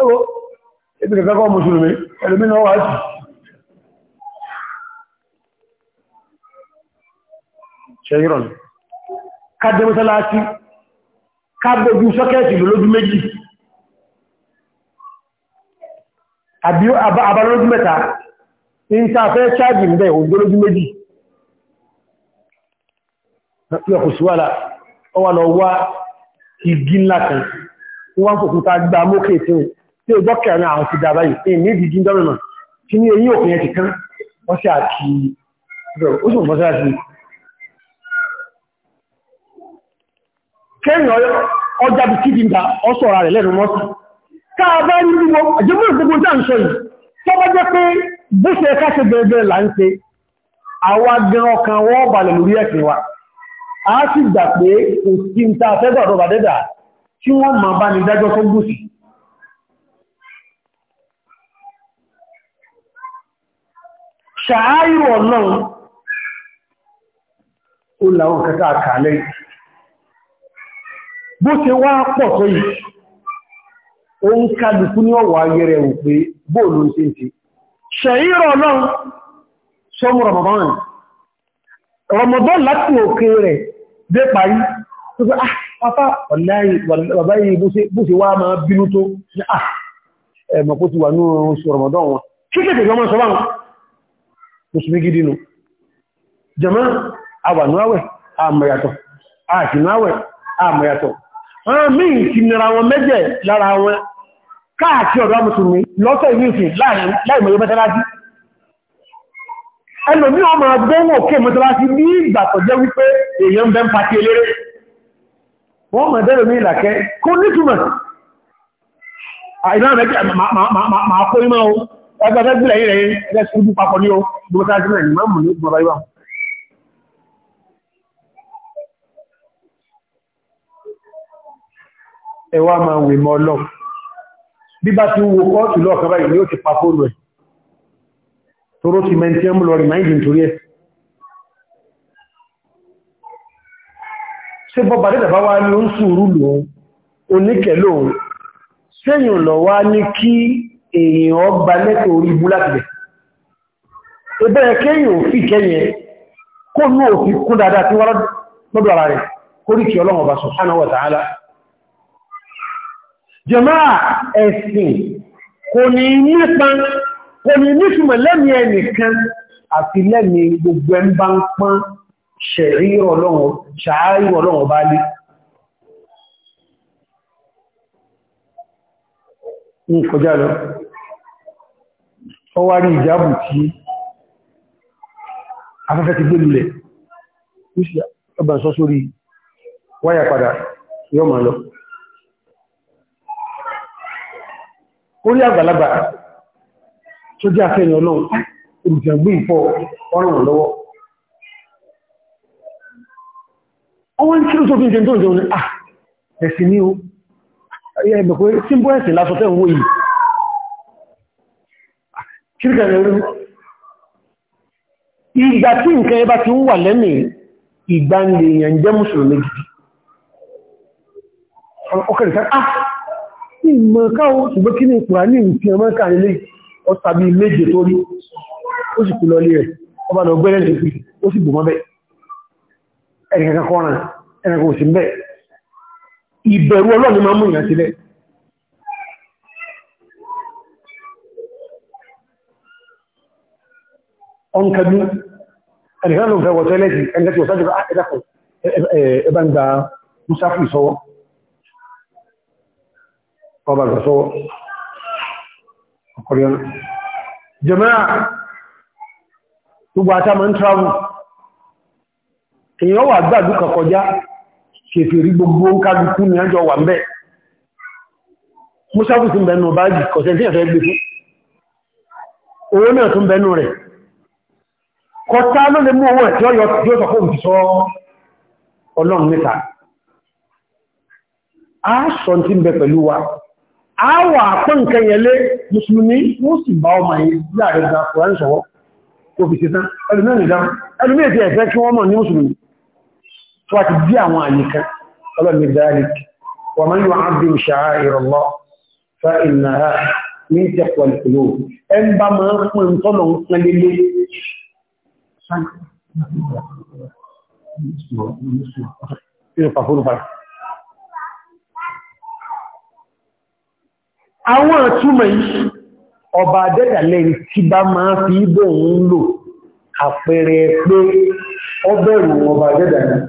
[SPEAKER 1] ẹwọ́ ebi kẹ́kọ́ mùsùlùmí wà sí ṣẹ́yìnrọ̀ ni ká dé mọ́sálásí ká gbójú sọ́kẹ́ẹ̀tì lójú méjì àbí abalójú mẹ́ta ní sáfẹ́ ṣáàjì ń bẹ̀ òjò lójú méjì lọ́kù síwára ọwà lọ wá igi ńlá kan wọ́n fòkúta gba mókè tí ó tí ó dọ́kẹ̀ ní àwọn ti dà báyìí tí ní ìdíjí dọ́rùn náà tí ní eyín òkú yẹn kẹ́yìn ọjà bí kí dìndà ọ́sọ̀ra rẹ̀ lẹ́nu mọ́sí káàbá ní gbogbo àjẹmọ́ ìgbogbo já ń sọ yìí tó bá jẹ́ pé bó ṣe ká ṣe gẹ́gẹ́ là ń ṣe àwa gẹran kan wọ́n balẹ̀ lórí ẹ̀sìn wa a sì gbà pé kò sí ń ta afẹ́gbà ọ̀dọ̀ bàdẹ́dà tí wọ́n máa bá ní dájọ́ tó gbòsì ṣàáyù ọ̀nà ó làwọn kẹta àkàlẹ́ yìí bó ṣe wá pọ̀ tó yìí o ń kálùkú ní ọwà ayẹrẹ ò pé bóòlù ń ṣe ṣẹ̀yìnrọ̀ ọlọ́run sọmù Ramadan Ramadan láti òkè rẹ̀ dé parí tó fẹ́ afá bàbá bó ṣe wá máa bínú tó ah, ti wà wọ́n mí ti nira wọn méjẹ̀ lára wọn káàkiri ọ̀dọ́ mùsùlùmí lọ́sọ̀ ìlú ìfì láìmọ̀yọ́ mẹ́tẹ́lájí ẹlòmí ọmọ agbóhùn òkè mẹ́tẹ́lájí ní ìgbà tó jẹ́ wípé èèyàn ń bẹ́ ń pàtí eléré wọ́n mọ̀ dẹ́rẹ̀ ní ìlàkẹ́ kó nítumọ̀ àìdáwọ̀ mẹ́jẹ̀ máa kó ní máa ẹwà máa wè mọ́ lọ bí bá ti wo kọ́ọ̀tù lọ́ọ̀kan báyìí ni ó ti pa fóònù ẹ̀ toró ti mẹ́ntí ẹmú lọ rìmáìdì nítorí ẹ̀ ṣe bọ́ bàdé dàbá wá ní ó ń sùúrù lòun oníkẹ̀ lòun sẹ́yìn lọ wá ní kí èèyàn ọgbà lẹ́tọ̀ orí ibú láti bẹ̀ ẹbẹ́ kẹ́yìn òfin kẹ́yìn kó ní òfin kún dáadáa tí wọ́n lọ́dọ̀ ara rẹ̀ kórìkì ọlọ́run ọba subhanahu wa ta'ala jẹmáà ẹ̀sìn kò ní nípa kò ní nítumọ̀ lẹ́mí ẹnìkan àti lẹ́mí gbogbo ẹ̀ ń bá ń pán ṣẹ̀rí ọlọ́run ṣàárì ọlọ́run bá lé ń kọjá lọ ọ rí ìjábù tí afẹ́fẹ́ ti gbé lulẹ̀ ọba sọ sórí wáyà padà yọ́ màá lọ orí àgbàlagbà tó jẹ́ afẹ́yìn ọlọ́run olùjẹ̀gbé ìfọ́ ọ̀rùn lọ́wọ́ ọwọ́n tí ó tó fi jẹ́ tó jẹun ah ẹ̀sìn ní o ẹgbẹ̀ pé tí ń bọ́ ẹ̀sìn lásọ tẹ́ ìwò yìí kíríkà rẹ̀ ìgbà tí nǹkan ẹbá ti ń wà lẹ́mì ìgbà ń lè yàn jẹ́ mùsùlùmí gidi ọkẹ̀rẹ̀ ìmọ̀ káwọn ṣùgbọ́n kí ní ìpùrà ní ìtì ọmọ káàrílé ọ̀tàbí méje tó rí ó sì kúlọ lé rẹ̀ ọba lọ gbẹ́rẹ̀ lè fi ó sì bùmọ́ bẹ́ ẹ̀rẹ̀kẹ́kẹ́ kọ́ran ẹ̀rẹ̀kẹ́ òsì bẹ́ ìbẹ̀rù ọlọ́ni máa mú ìyàn ọba gbàsọ́wọ́ so ọ̀nà jamaa gbogbo àtàmà ń travel èyàn wà gbàdú kọkọjá ṣèfèrí gbogbo ń kájúkú ní àjọ wà mẹ́ mọ́sáfù tún bẹnu báájì kọ̀sẹ̀ tí ẹ̀fẹ́ gbé fún owó náà tún bẹnu rẹ̀ kọta ló lè mú owó ẹ̀ tí ó yọ tí ó sọ a sọ tí àwọ̀ àpọ̀ nǹkan yẹlé mùsùlùmí wọ́n sì bá ọmọ yìí láàrin ìgbà kòrán sọ̀wọ́ tó fi ṣe tán ẹlùmí ìdá ẹlùmí ètò ẹ̀fẹ́ kí wọ́n mọ̀ ní mùsùlùmí tó wá ti bí àwọn àyíká ọlọ́mí dalek wà àwọn àtúmọ̀ yìí ọba adẹ́dàlẹ́ tí bá máa fi ibò ń lò àpẹẹrẹ pé ọ bẹ̀rù ọba adẹ́dàlẹ́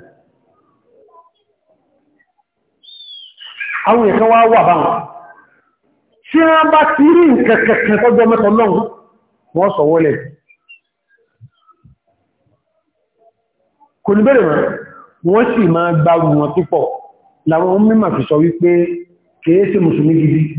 [SPEAKER 1] àwọn ìkan wá wà báwọn tí wọ́n bá ti rí nkẹ̀kẹ̀kẹ̀ tọ́jọ́ mẹ́tọ̀ náà wọ́n sọ kò ní bẹ̀rẹ̀ wọ́n sì máa gbárù wọn púpọ̀ láwọn mímọ̀ fi sọ wípé kèé sí mùsùlùmí gidi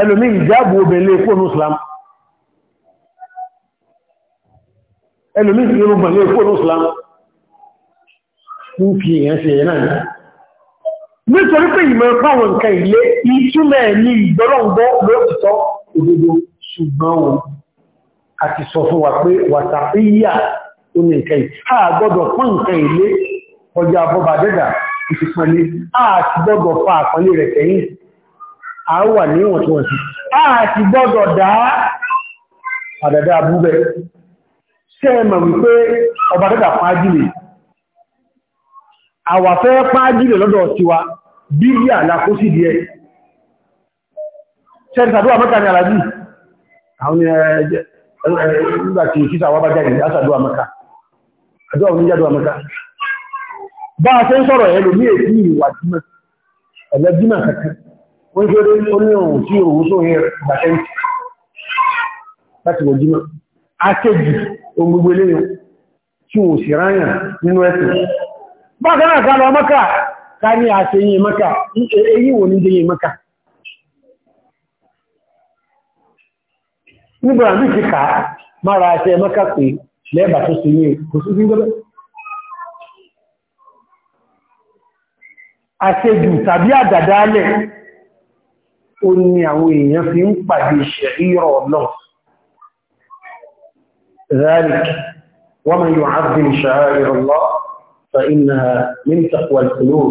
[SPEAKER 1] ẹlòmí ìjáàbù obìnrin fóònù islam ẹlòmí ìrùgbọ̀n lè fóònù islam ń fi èèyàn sí ẹ̀yẹ náà nítorí pé ìmọ̀ pàwọn nǹkan ilé ìtúnlẹ̀ ní ìgbọ́lọ́gbọ́ lóòtítọ́ òdodo ṣùgbọ́n wọn àti sọ fún wa pé wàtàfíyà ó ní nǹkan yìí a gbọ́dọ̀ fún nǹkan ilé ọjà bọ́bà dẹ́dà ìfipọ̀lẹ̀ a ti gbọ́dọ̀ fa àpọ̀lẹ̀ rẹ̀ kẹ́yìn a wà ní ìwọ̀ntúnwọ̀nsí a ti gbọ́dọ̀ dá àdàdà abúgbẹ̀ sẹ́ẹ̀mọ̀ wípé ọba dẹ́dà pàájìlè àwàfẹ́ pàájìlè lọ́dọ̀ tiwa bíbí àlàkó sí díẹ̀ sẹ́ẹ̀tàdúwà mẹ́ta ni àlàjì àwọn ẹgbàtí ìkíta wà bá jáde látàdúwà mẹ́ta àdúwà oníjádúwà mẹ́ta bá a ṣe ń sọ̀rọ̀ ẹlòmí èkú ìwà ẹlẹ́gbìmọ̀ kankan wọ́n kéré oníhùn tí òun sóhìn ìgbàtẹ́ntì láti wọ̀ jímọ̀. akéjì ohun gbogbo ilé tí wọ́n sì ráyàn nínú ẹ̀sìn bákanáà kálọ mọ́kà mọ́kà èyí mọ́kà ti kà àṣẹ mọ́kà pé lẹ́bà tó sì ní kò sí ó ní àwọn èèyàn fi ń pàdé ṣẹ̀ríọ̀ náà ذلك ومن يعظم شعائر الله فإنها من تقوى القلوب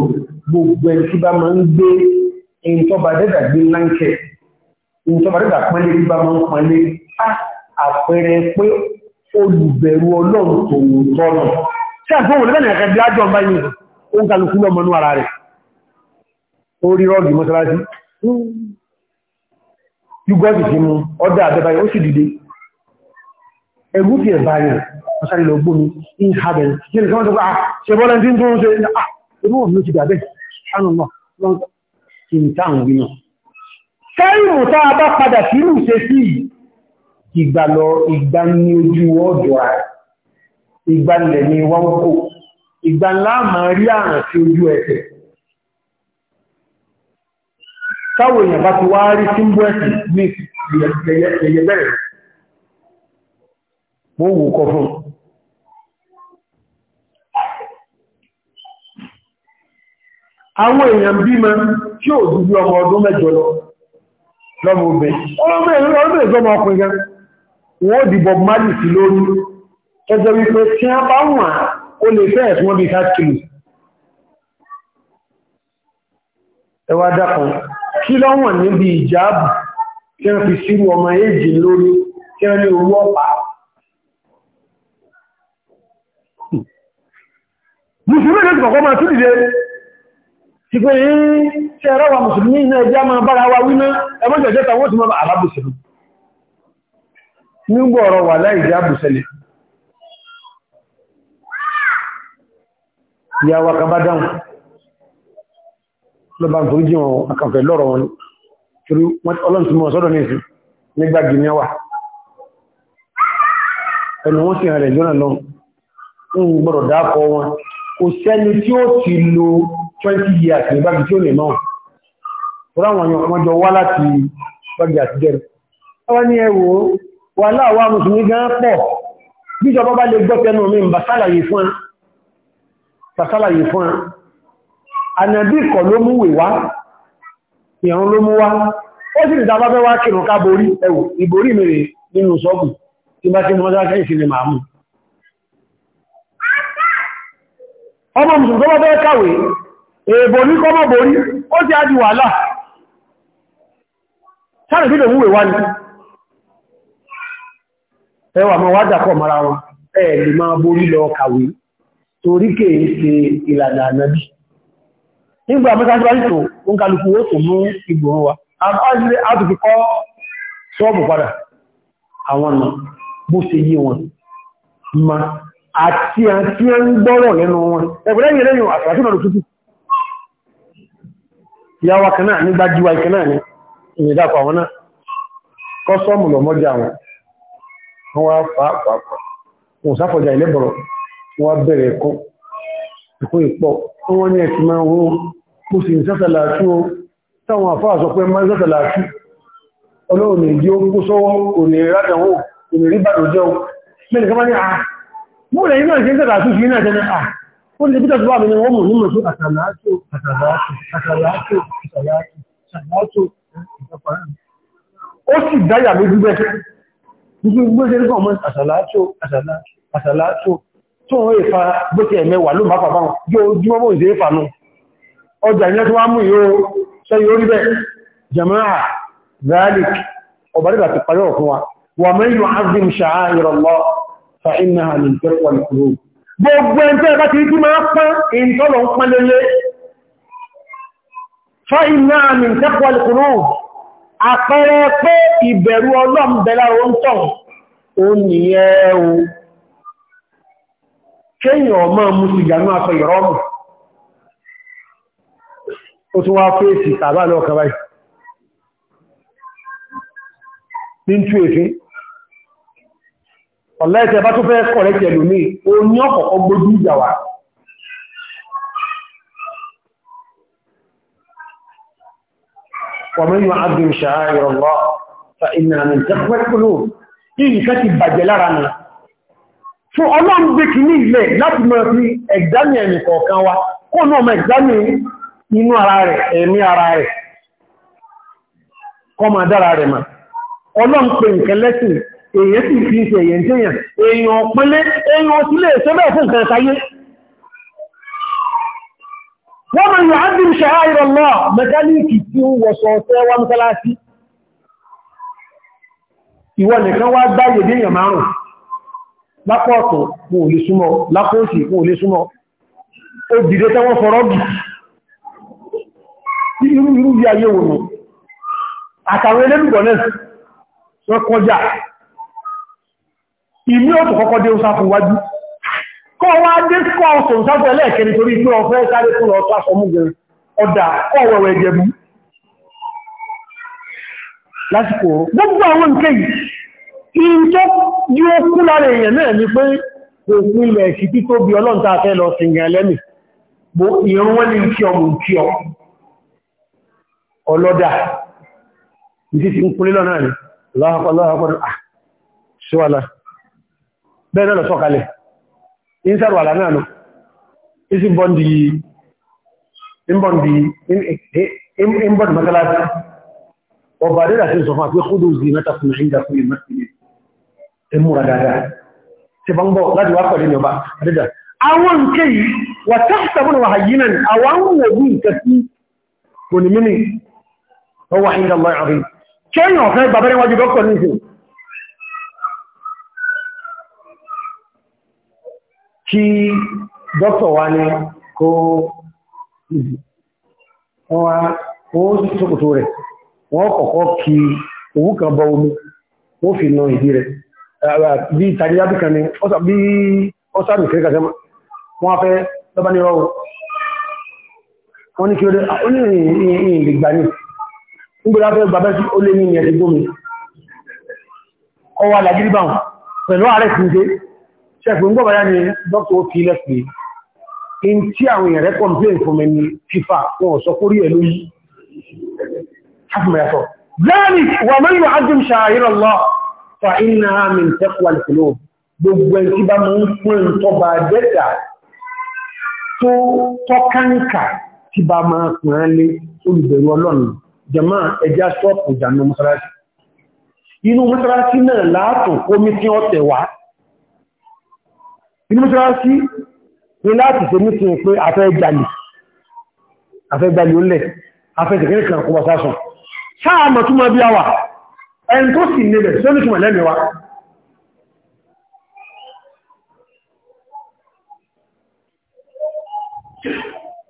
[SPEAKER 1] gbogbo ẹni tí bá máa ń gbé ẹni tó bá dẹ́dà gbé láńkẹ̀ ẹni tó bá dẹ́dà pẹ́lẹ́ tí bá máa ń pẹ́lẹ́ àpẹẹrẹ pé olùbẹ̀rù ọlọ́run tòótọ́ yúgọ́dì tí mú ọdá àdẹ́báyé ó sì dìde ẹgbú fi ẹ̀báyẹ̀ ọ̀sáré lọ gbómi in haven jẹ́ ìsọ́n tó pàá ṣe bọ́lá tí ń tó ń ṣe ẹgbú ah, òfin ló ti dàbẹ̀ ṣánàlá kí n táà ń gbìnà kẹ́rìmù tá a bá padà sí ìlú ṣe sí ìgbà lọ ìgbà ní ojú ọjọ́ rẹ̀ ìgbà lẹ̀ ní wọ́n kò ìgbà láàmà rí àrùn sí táwọn èèyàn bá ti wá rí símbú ẹ̀sìn ní ẹ̀yẹ bẹ̀rẹ̀ mo wù kọ fún àwọn èèyàn bímọ tí ò dúdú ọmọ ọdún mẹ́jọ lọ lọ́mọ obìnrin ọmọ èèyàn ọdún ìjọmọ ọkùnrin gan wọ́n dìbọ̀ máàlì sí lórí ẹjọ́ wípé tí a bá wọ́n ó lè fẹ́ ẹ̀sùn wọn bí ẹwà dákan kí lọ́wọ̀n níbi ìjáàbù tí wọ́n fi sírù ọmọ èjì lórí tí wọ́n ní owó ọ̀pá mùsùlùmí lè kọ̀kọ́ máa tún dìde ti pé yìí tí ẹ̀rọ wa mùsùlùmí iná ẹjá máa bára wa wí náà ẹmọ́jẹ̀jẹ́ tàwọn tí máa alábùsùlù nígbọ̀ ọ̀rọ̀ wà láìjá bùsẹ̀lẹ̀ ìyàwó kan bá dáhùn lọ́ba nítorí jí wọn akànfẹ́ lọ́rọ̀ wọn torí ọlọ́run ti mọ̀ sọ́dọ̀ ní ìsìn nígbà gíní wà ẹnu wọ́n sì hàn rẹ̀ jọ́nà lọ ń gbọ́dọ̀ dákọ̀ wọn kò sẹ́ni tí ó ti lo 20 years ní bági tí ó lè náà fúra wọn wọn jọ wá láti bági àtijọ́ rẹ̀ wọ́n ní ẹwò wà láàwọ̀ amùsùnmí gan pọ̀ bíjọba bá lè gbọ́ tẹnu mi ń bà sálàyé fún ẹ ànàbí ìkọ̀ ló mú wèwá ìrún ló mú wá ó sì nìta bá fẹ́ wá kírun ká borí ẹwù ìborí mi rè nínú sọ́ọ̀bù tí bá kí ní mọ́sáṣẹ́ ìsinmi màá mú ọmọ mùsùlùmí tó bá fẹ́ kàwé èèbò ní kọ́mọ̀ borí ó ti máa borí lọ kàwé torí kèé ṣe ìlànà ànábì nígbà mẹ́sàn-án bá nìtò ó ń kálukú ó mú wa àtùkù kọ́ ṣọ́ọ̀bù padà àwọn ọ̀nà bó ṣe yí wọn ma àti àti ẹ ń gbọ́rọ̀ nínú wọn ẹgbẹ̀rẹ́yìn lẹ́yìn àtàtún ya tútù ìyáwà kanáà nígbà jíwa ìkanáà ní ìrìnàdàpọ̀ àwọn náà kọ́sọ́mù lọ mọ́já mo sì ń sẹ́tàlàtú o táwọn àfáà sọ pé máa ń sẹ́tàlàtú ọlọ́run èdí ó kó sọ́wọ́ òní ìrádànwò òní ìbàdàn jẹ́ o mẹ́rin kan bá ní àà mú rẹ̀ iná ìṣẹ́ sẹ́tàlàtú sí iná ìṣẹ́ náà ó lè pítà tó wà nínú wọ́n mú nínú tó àtàlàtú àtàlàtú àtàlàtú àtàlàtú àtàlàtú ó sì dáyà lójú bẹ́ẹ̀ gbogbo gbogbo ṣe kọ́ mọ́ àṣàlátò àṣàlátò tó ń rí ìfa gbóṣe ẹ̀mẹ́wàá ló máa fà báwọn yóò ojúmọ́ mọ́ ìṣe é fà náà ọjà ìyẹn tó wá mú yóò ṣe yóò rí bẹ́ẹ̀ jama'a zalik ọba rígbà ti parí ọ̀fún wa wà mẹ́yìn azim ṣàáyìrọ̀lọ́ fa'ina hannun tẹ́kwà ìkúrò gbogbo ẹ̀ntẹ́ bá ti rí máa pán ìntọ́lọ ń pán lélé fa'ina ìkúrò àpẹẹrẹ ìbẹ̀rù ọlọ́mbẹ̀lá ó tún wá fèsì tàbá náà kan báyìí ní tú èfín ọ̀lá ẹ̀tẹ̀ bá tó fẹ́ kọ̀rẹ́kì ẹlòmí o ní ọ̀kọ̀ọ̀kọ́ gbójú ìjà wà ومن يعظم شعائر الله فإنها من تقوى القلوب nǹkan ti bàjẹ́ lára mi fún ọlọ́run gbé kì ní ilẹ̀ láti mọ̀ sí ẹ̀gbámi ẹ̀nì kọ̀ọ̀kan wa kó náà mọ̀ ẹ̀gbámi inú ara rẹ̀ ẹ̀mí ara rẹ̀ kọ́ máa dára rẹ̀ ma ọlọ́mpe nǹkan lẹ́sìn èyàn sì fi ṣe èyàn jẹ́yàn èyàn pínlé èyàn ó sílé ìṣẹ́lẹ̀ fún nǹkan ṣayé wọ́n mọ̀ yóò ábí ṣe àìrọ̀ náà mẹkáníkì tí ó wọ̀ sọ̀ọ̀sẹ́ wá mọ́sálásí ìwọ nìkan wá gbáyé déyàn márùn-ún lápọ̀ ọ̀tún kò lè irú irú bí ayé wò nù àtàwọn elébùgbọ̀n náà wọ́n kọjá ìlú ọ̀tọ̀ kọ́kọ́ dé òsàfù wájú kọ́ wá dé kọ́ ọ̀sọ̀ òsàfù ẹlẹ́ẹ̀kẹ́ni torí pé ọ̀fẹ́ sáré fún ọ̀tọ̀ asọmúgbẹ̀ ọ̀dà kọ́ wẹ̀wẹ̀ jẹ̀mú lásìkò gbogbo àwọn ni pé òkú ilẹ̀ ìsìtí tó bí ọlọ́ntà fẹ́ lọ sìngàn lẹ́mì ìrún wọ́n ní kí ọmọ kí ọmọ ọlọ́dà ìdí ti ń kúnlé lọ́nà rẹ̀ lọ́wọ́pọ̀lọ́wọ́pọ̀lọ́ ṣíwọ́lá bẹ́ẹ̀ náà lọ sọ́kalẹ̀ ìsàrùwàlá náà nù isi bọ́ndì inbọ̀n makalasi ọba rírà sí sọ fún àti kúrò sí mẹ́ta fún ìgbà fún ìmúra dáadáa ti bá ń bọ̀ láti wá pẹ̀lú ìyọba àdídà àwọn nkẹ́ yìí wà tẹ́sítàbùn wà hàyínà àwọn òwú nǹkan sí kò ní mínì ọwọ́ àyíká lọ àrí kéèyàn fẹ́ bàbá níwájú dọ́kọ̀ ní ìsìn kí dọ́kọ̀ wá ní kó wọ́n sókòtò rẹ̀ wọ́n kọ́kọ́ kí òwú kan bọ omi wọ́n fi nà ìdí rẹ̀ bí nígbèrè afẹ́ gbàbẹ́ sí ó lé ní ìyẹn ìgbó mi ọwọ́ alágírí báwọn pẹ̀lú ààrẹ sí ṣe ń gbọ́bàá ní dr oki in tí àwọn èèyàn rẹ̀ complain fún wọn sọ kórí ẹ̀ lóyí ṣàfùmẹ̀yàtọ̀ gani olùbẹ̀rù ọlọ́run jẹmá ẹjá ṣọ́pù ìjànà mọ́sálásí inú mọ́sálásí náà látùn omi tí ó tẹ̀wà inú mọ́sálásí ní láti ṣe mí sin pé afẹ́gbàlì afẹ́gbàlì ó lẹ̀ afẹ́gbẹ̀rẹ̀ kan kó wà sásùn sáà mọ̀ túnmọ̀ bí a wà ẹn tó sì nílẹ̀ sọ́lùkùnmọ̀ lẹ́mẹ̀wàá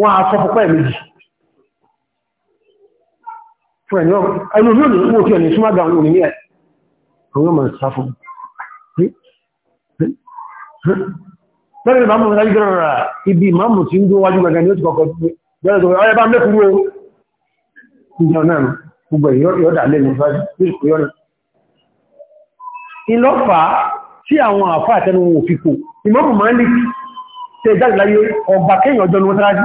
[SPEAKER 1] wọ́n a sọ púpọ̀ ẹ̀mẹ́jì fún ẹ̀yọ́ ẹnu ní òní mú kí ẹni súnmọ́gbà àwọn òní ẹ̀ àwọn ọmọ ìsáfù bẹ́rẹ̀ ìbámu ìdájú gẹ́rẹ̀ rà ibi ìmáàmù tí ń dó wájú gbẹ̀gẹ̀ ni ó ti kọ̀kọ́ bẹ́rẹ̀ tó ọyẹ́ bá mẹ́kúrú o ìjọ náà gbogbo ìyọ́dà ìlọ́fà tí àwọn àfáà tẹnu òfìkò ìmáàmù máa ń lè tẹ̀ jáde láyé ọgbà kéèyàn ọjọ́ ni wọ́n sáájú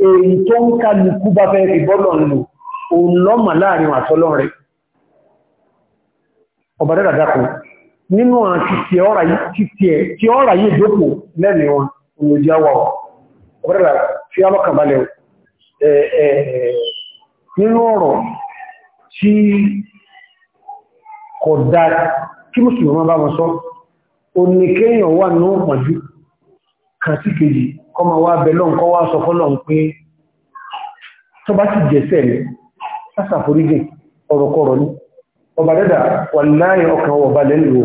[SPEAKER 1] èyí tó ń kálukú bá fẹ́ fi bọ́lọ̀ ń lò òun lọ́mà láàrin àtọ́lọ́ rẹ̀ ọba dẹ́dà dákùn nínú àti tí ọ́rà yìí dókò lẹ́nu wọn olójí àwọ̀ ọba dẹ́dà fi alọ́kàbalẹ̀ nínú ọ̀rọ̀ tí kò dá kí mùsùlùmí bá wọn sọ kọmọ wá bẹ̀lọ́ nǹkan wá sọ fọ́lọ̀ ń pé tó bá ti jẹ́sẹ̀ ní sásàforíjì ọ̀rọ̀kọ̀rọ̀ ní ọba dẹ́dà wà láàrin ọkàn ọba lẹ́lò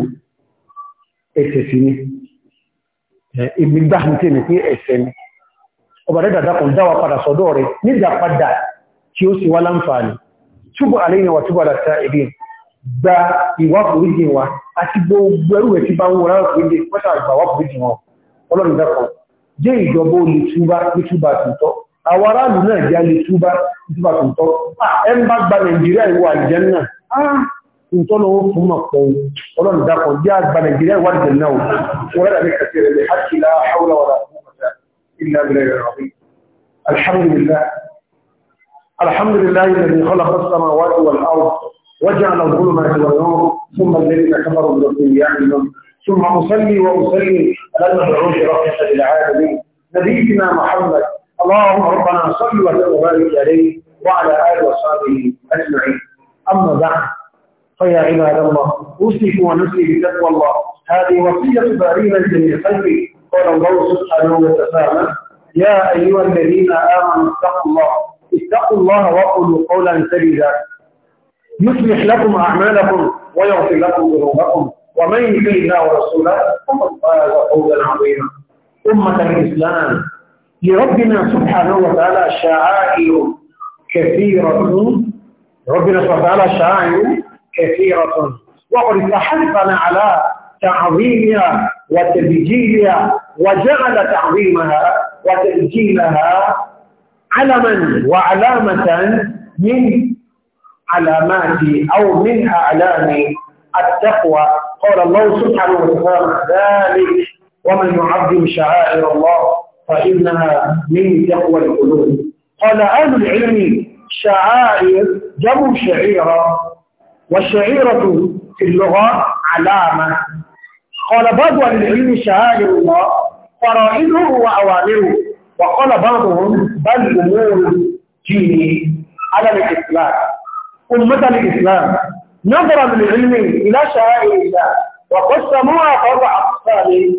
[SPEAKER 1] ẹ̀ṣẹ̀ sí ní ibi gbá ní ní pé ẹ̀ṣẹ̀ ní ọba dẹ́dà dákùn dáwà padà sọ́dọ̀ rẹ̀ nígbà padà tí ó sì jẹ́ ìjọba olè túbá ní túbá tuntọ́ àwọn aráàlú náà jẹ́ alè túbá ní túbá tuntọ́ ẹ ń bá gba nàìjíríà ìwà àjẹ́ náà ah tuntọ́ lọ́wọ́ fún mọ̀ pọ̀ ọlọ́run dákọ̀ jẹ́ àgbà nàìjíríà ìwà àjẹ́ náà wọ́n rẹ̀ ní kàtí rẹ̀ láti la hawla wala ثم الذين كفروا بربهم يعملون ثم أصلي وأسلم على المبعوث رحمة للعالمين نبينا محمد اللهم ربنا صل وسلم وبارك عليه وعلى آله وصحبه أجمعين أما بعد فيا عباد الله أوصيكم ونفسي بتقوى الله هذه وصية بارينا لجميع قلبي قال الله سبحانه وتعالى يا أيها الذين آمنوا اتقوا الله اتقوا الله وقولوا قولا سديدا يصلح لكم أعمالكم ويغفر لكم ذنوبكم ومن يطع الله ورسوله فقد فاز فوزا عظيما أمة الإسلام لربنا سبحانه وتعالى شعائر كثيرة ربنا سبحانه وتعالى شعائر كثيرة وقد استحقنا على تعظيمها وتبجيلها وجعل تعظيمها وتبجيلها علما وعلامة من علامات أو من أعلام التقوى قال الله سبحانه وتعالى ذلك ومن يعظم شعائر الله فإنها من تقوى القلوب قال أهل العلم شعائر جم شعيرة والشعيرة في اللغة علامة قال بعض أهل العلم شعائر الله فرائده وأوامره وقال بعضهم بل أمور ديني على الإسلام أمة الإسلام نظرا للعلم إلى شعائر الله وقسموها فرض أقسام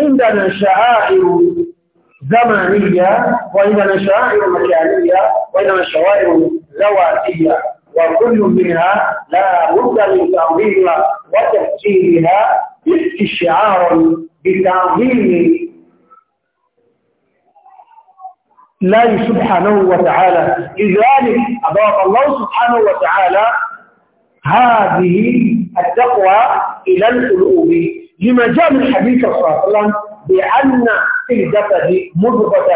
[SPEAKER 1] عندنا شعائر زمانية وعندنا شعائر مكانية وعندنا شعائر ذواتية وكل منها لا بد من تعظيمها وتفكيرها استشعارا بتعظيم الله سبحانه وتعالى لذلك أضاف الله سبحانه وتعالى هذه التقوى إلى القلوب لما جاء من حديث صلى الله عليه وسلم بأن في الجسد مضغة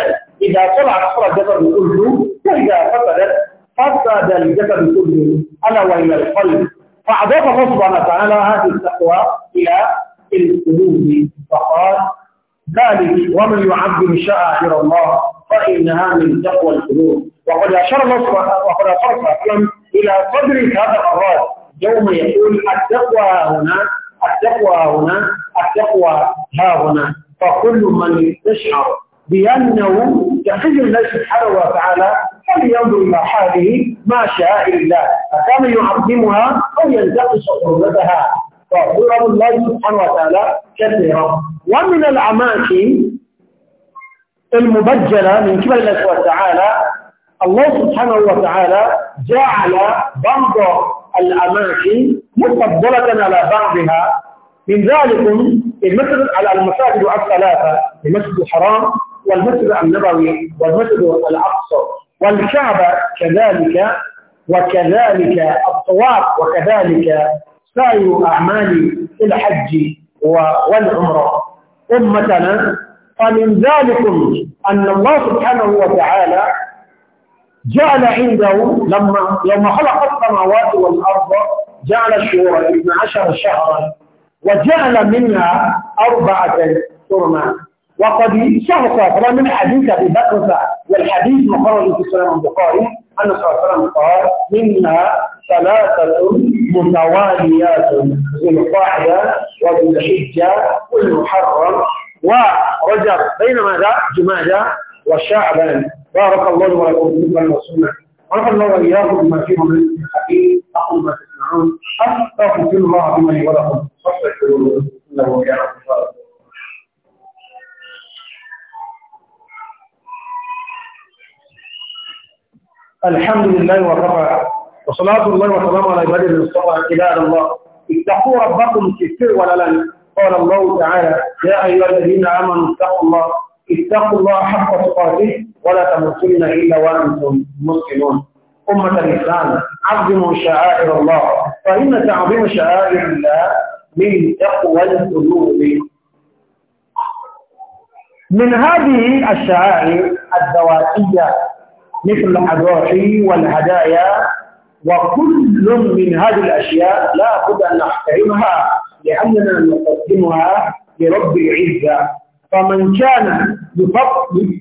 [SPEAKER 1] إذا طلعت صلى الجسد كله فإذا فسدت فسد الجسد كله ألا وإلى القلب فأضاف الله سبحانه وتعالى هذه التقوى إلى القلوب فقال ذلك ومن يعظم شعائر الله فإنها من تقوى القلوب وقد أشار الله سبحانه وقد أشار صلى الله عليه وسلم إلى قدر هذا الرأس يوم يقول التقوى هنا التقوى هنا التقوى ها هنا فكل من يشعر بأنه يقل الله سبحانه وتعالى فلينظر إلى حاله ما شاء الله فكان يعظمها أو ينتقص حرمتها فضرب الله سبحانه وتعالى كثيرا ومن الأماكن المبجلة من قبل الله سبحانه وتعالى الله سبحانه وتعالى جعل بعض الأماكن مفضلة على بعضها من ذلك المسجد على المساجد الثلاثة المسجد الحرام والمسجد النبوي والمسجد الأقصى والكعبة كذلك وكذلك الطواف وكذلك سعي أعمال الحج والعمرة أمتنا فمن ذلك أن الله سبحانه وتعالى جعل عنده لما لما خلق السماوات والأرض جعل الشهور 12 شهرا وجعل منها أربعة حرما وقد شهر صلى من حديث أبي بكر والحديث مخرج في سنن البخاري أن صلى الله عليه وسلم قال منها ثلاثة متواليات ذو القعدة وذو الحجة والمحرم ورجب بين ماذا؟ جمادى وشعبا بارك الله ولكم في القرآن والسنة الله وإياكم بما فيه من الحكيم أقول ما تسمعون حتى في الله بما ولكم فاستغفروا إنه الحمد لله وكفى وصلاة الله وسلامه على عباده المصطفى إلى الله اتقوا ربكم في السر والعلن قال الله تعالى يا أيها الذين آمنوا اتقوا الله اتقوا الله حق تقاته ولا تموتن إلا وأنتم مسلمون أمة الإسلام عظموا شعائر الله فإن تعظيم شعائر الله من تقوى القلوب من هذه الشعائر الذواتية مثل الأضاحي والهدايا وكل من هذه الأشياء لا بد أن نحترمها لأننا نقدمها لرب العزة فمن كان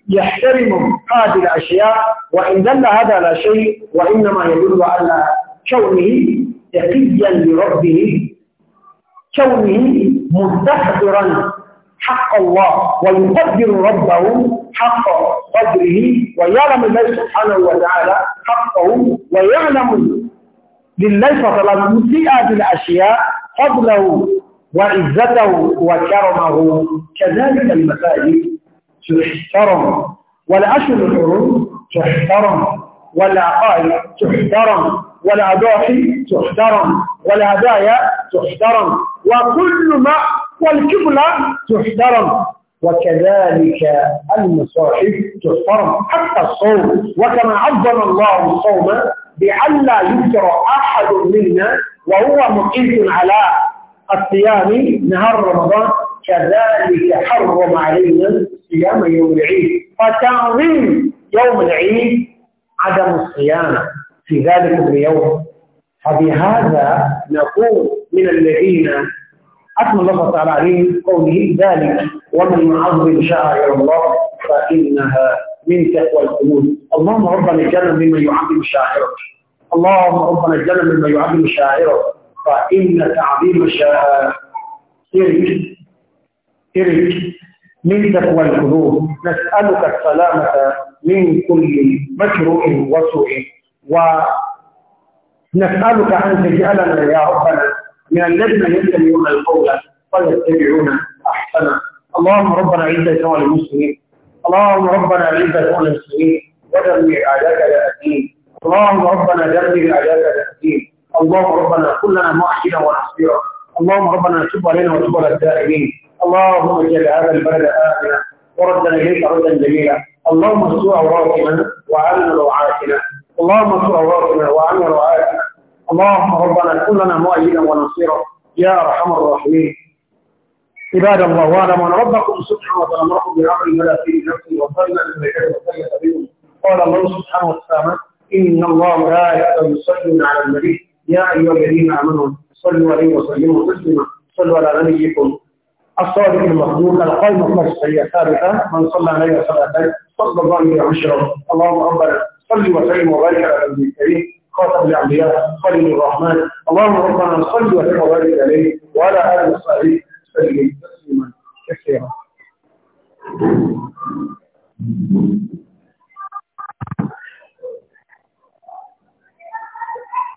[SPEAKER 1] يحترم هذه الأشياء وإن دل هذا لا شيء وإنما يدل على كونه تقيا لربه كونه مستحضرا حق الله ويقدر ربه حق قدره ويعلم الله سبحانه وتعالى حقه ويعلم لله فضلا مسيئة الأشياء فضله وعزته وكرمه كذلك المساجد تحترم والأشهر الحرم تحترم والعقائد تحترم والأضاحي تحترم والهدايا تحترم وكل ما والكبلة تحترم وكذلك المصاحف تحترم حتى الصوم وكما عظم الله الصوم بألا يفتر أحد منا وهو مقيم على الصيام نهار رمضان كذلك حرم علينا صيام يوم العيد فتعظيم يوم العيد عدم الصيام في ذلك اليوم فبهذا نقول من الذين أثنى الله تعالى عليه قوله ذلك ومن يعظم شعائر الله فإنها من تقوى القلوب اللهم ربنا اجعلنا ممن يعظم شعائرك اللهم ربنا اجعلنا ممن يعظم شعائرك فإن تعظيم شرك شرك من تقوى القلوب نسألك السلامة من كل مكروه وسوء ونسألك أن تجعلنا يا ربنا من الذين يستمعون القول فيتبعون أحسنه اللهم ربنا عز لسوى المسلمين اللهم ربنا عز لسوى المسلمين ودمر أعداءك يا الدين اللهم ربنا دمر أعداءك يا الدين اللهم ربنا كلنا معجنا ونصيرا اللهم ربنا تب علينا وتب على الدائمين اللهم اجعل هذا البلد امنا وردنا اليك ردا جميلا اللهم استر عوراتنا وعن روعاتنا اللهم استر عوراتنا وعن روعاتنا اللهم ربنا كلنا معجنا ونصيرا يا ارحم الراحمين عباد الله واعلم ان ربكم سبحانه وتعالى امركم بامر الملائكه في نفسه وصلنا للملائكه قال الله سبحانه وتعالى ان الله لا يقبل يصلون على النبي يا أيها الذين آمنوا صلوا عليه وسلموا تسليما صلوا على نبيكم الصادق المخلوق القائم هي ثابتة من صلى عليه صلاة صلى الله عليه عشرة اللهم ربنا صل وسلم وبارك على النبي الكريم خاتم الأنبياء خليل الرحمن اللهم ربنا صل وسلم وبارك عليه وعلى آله وصحبه وسلم تسليما كثيرا Thank you.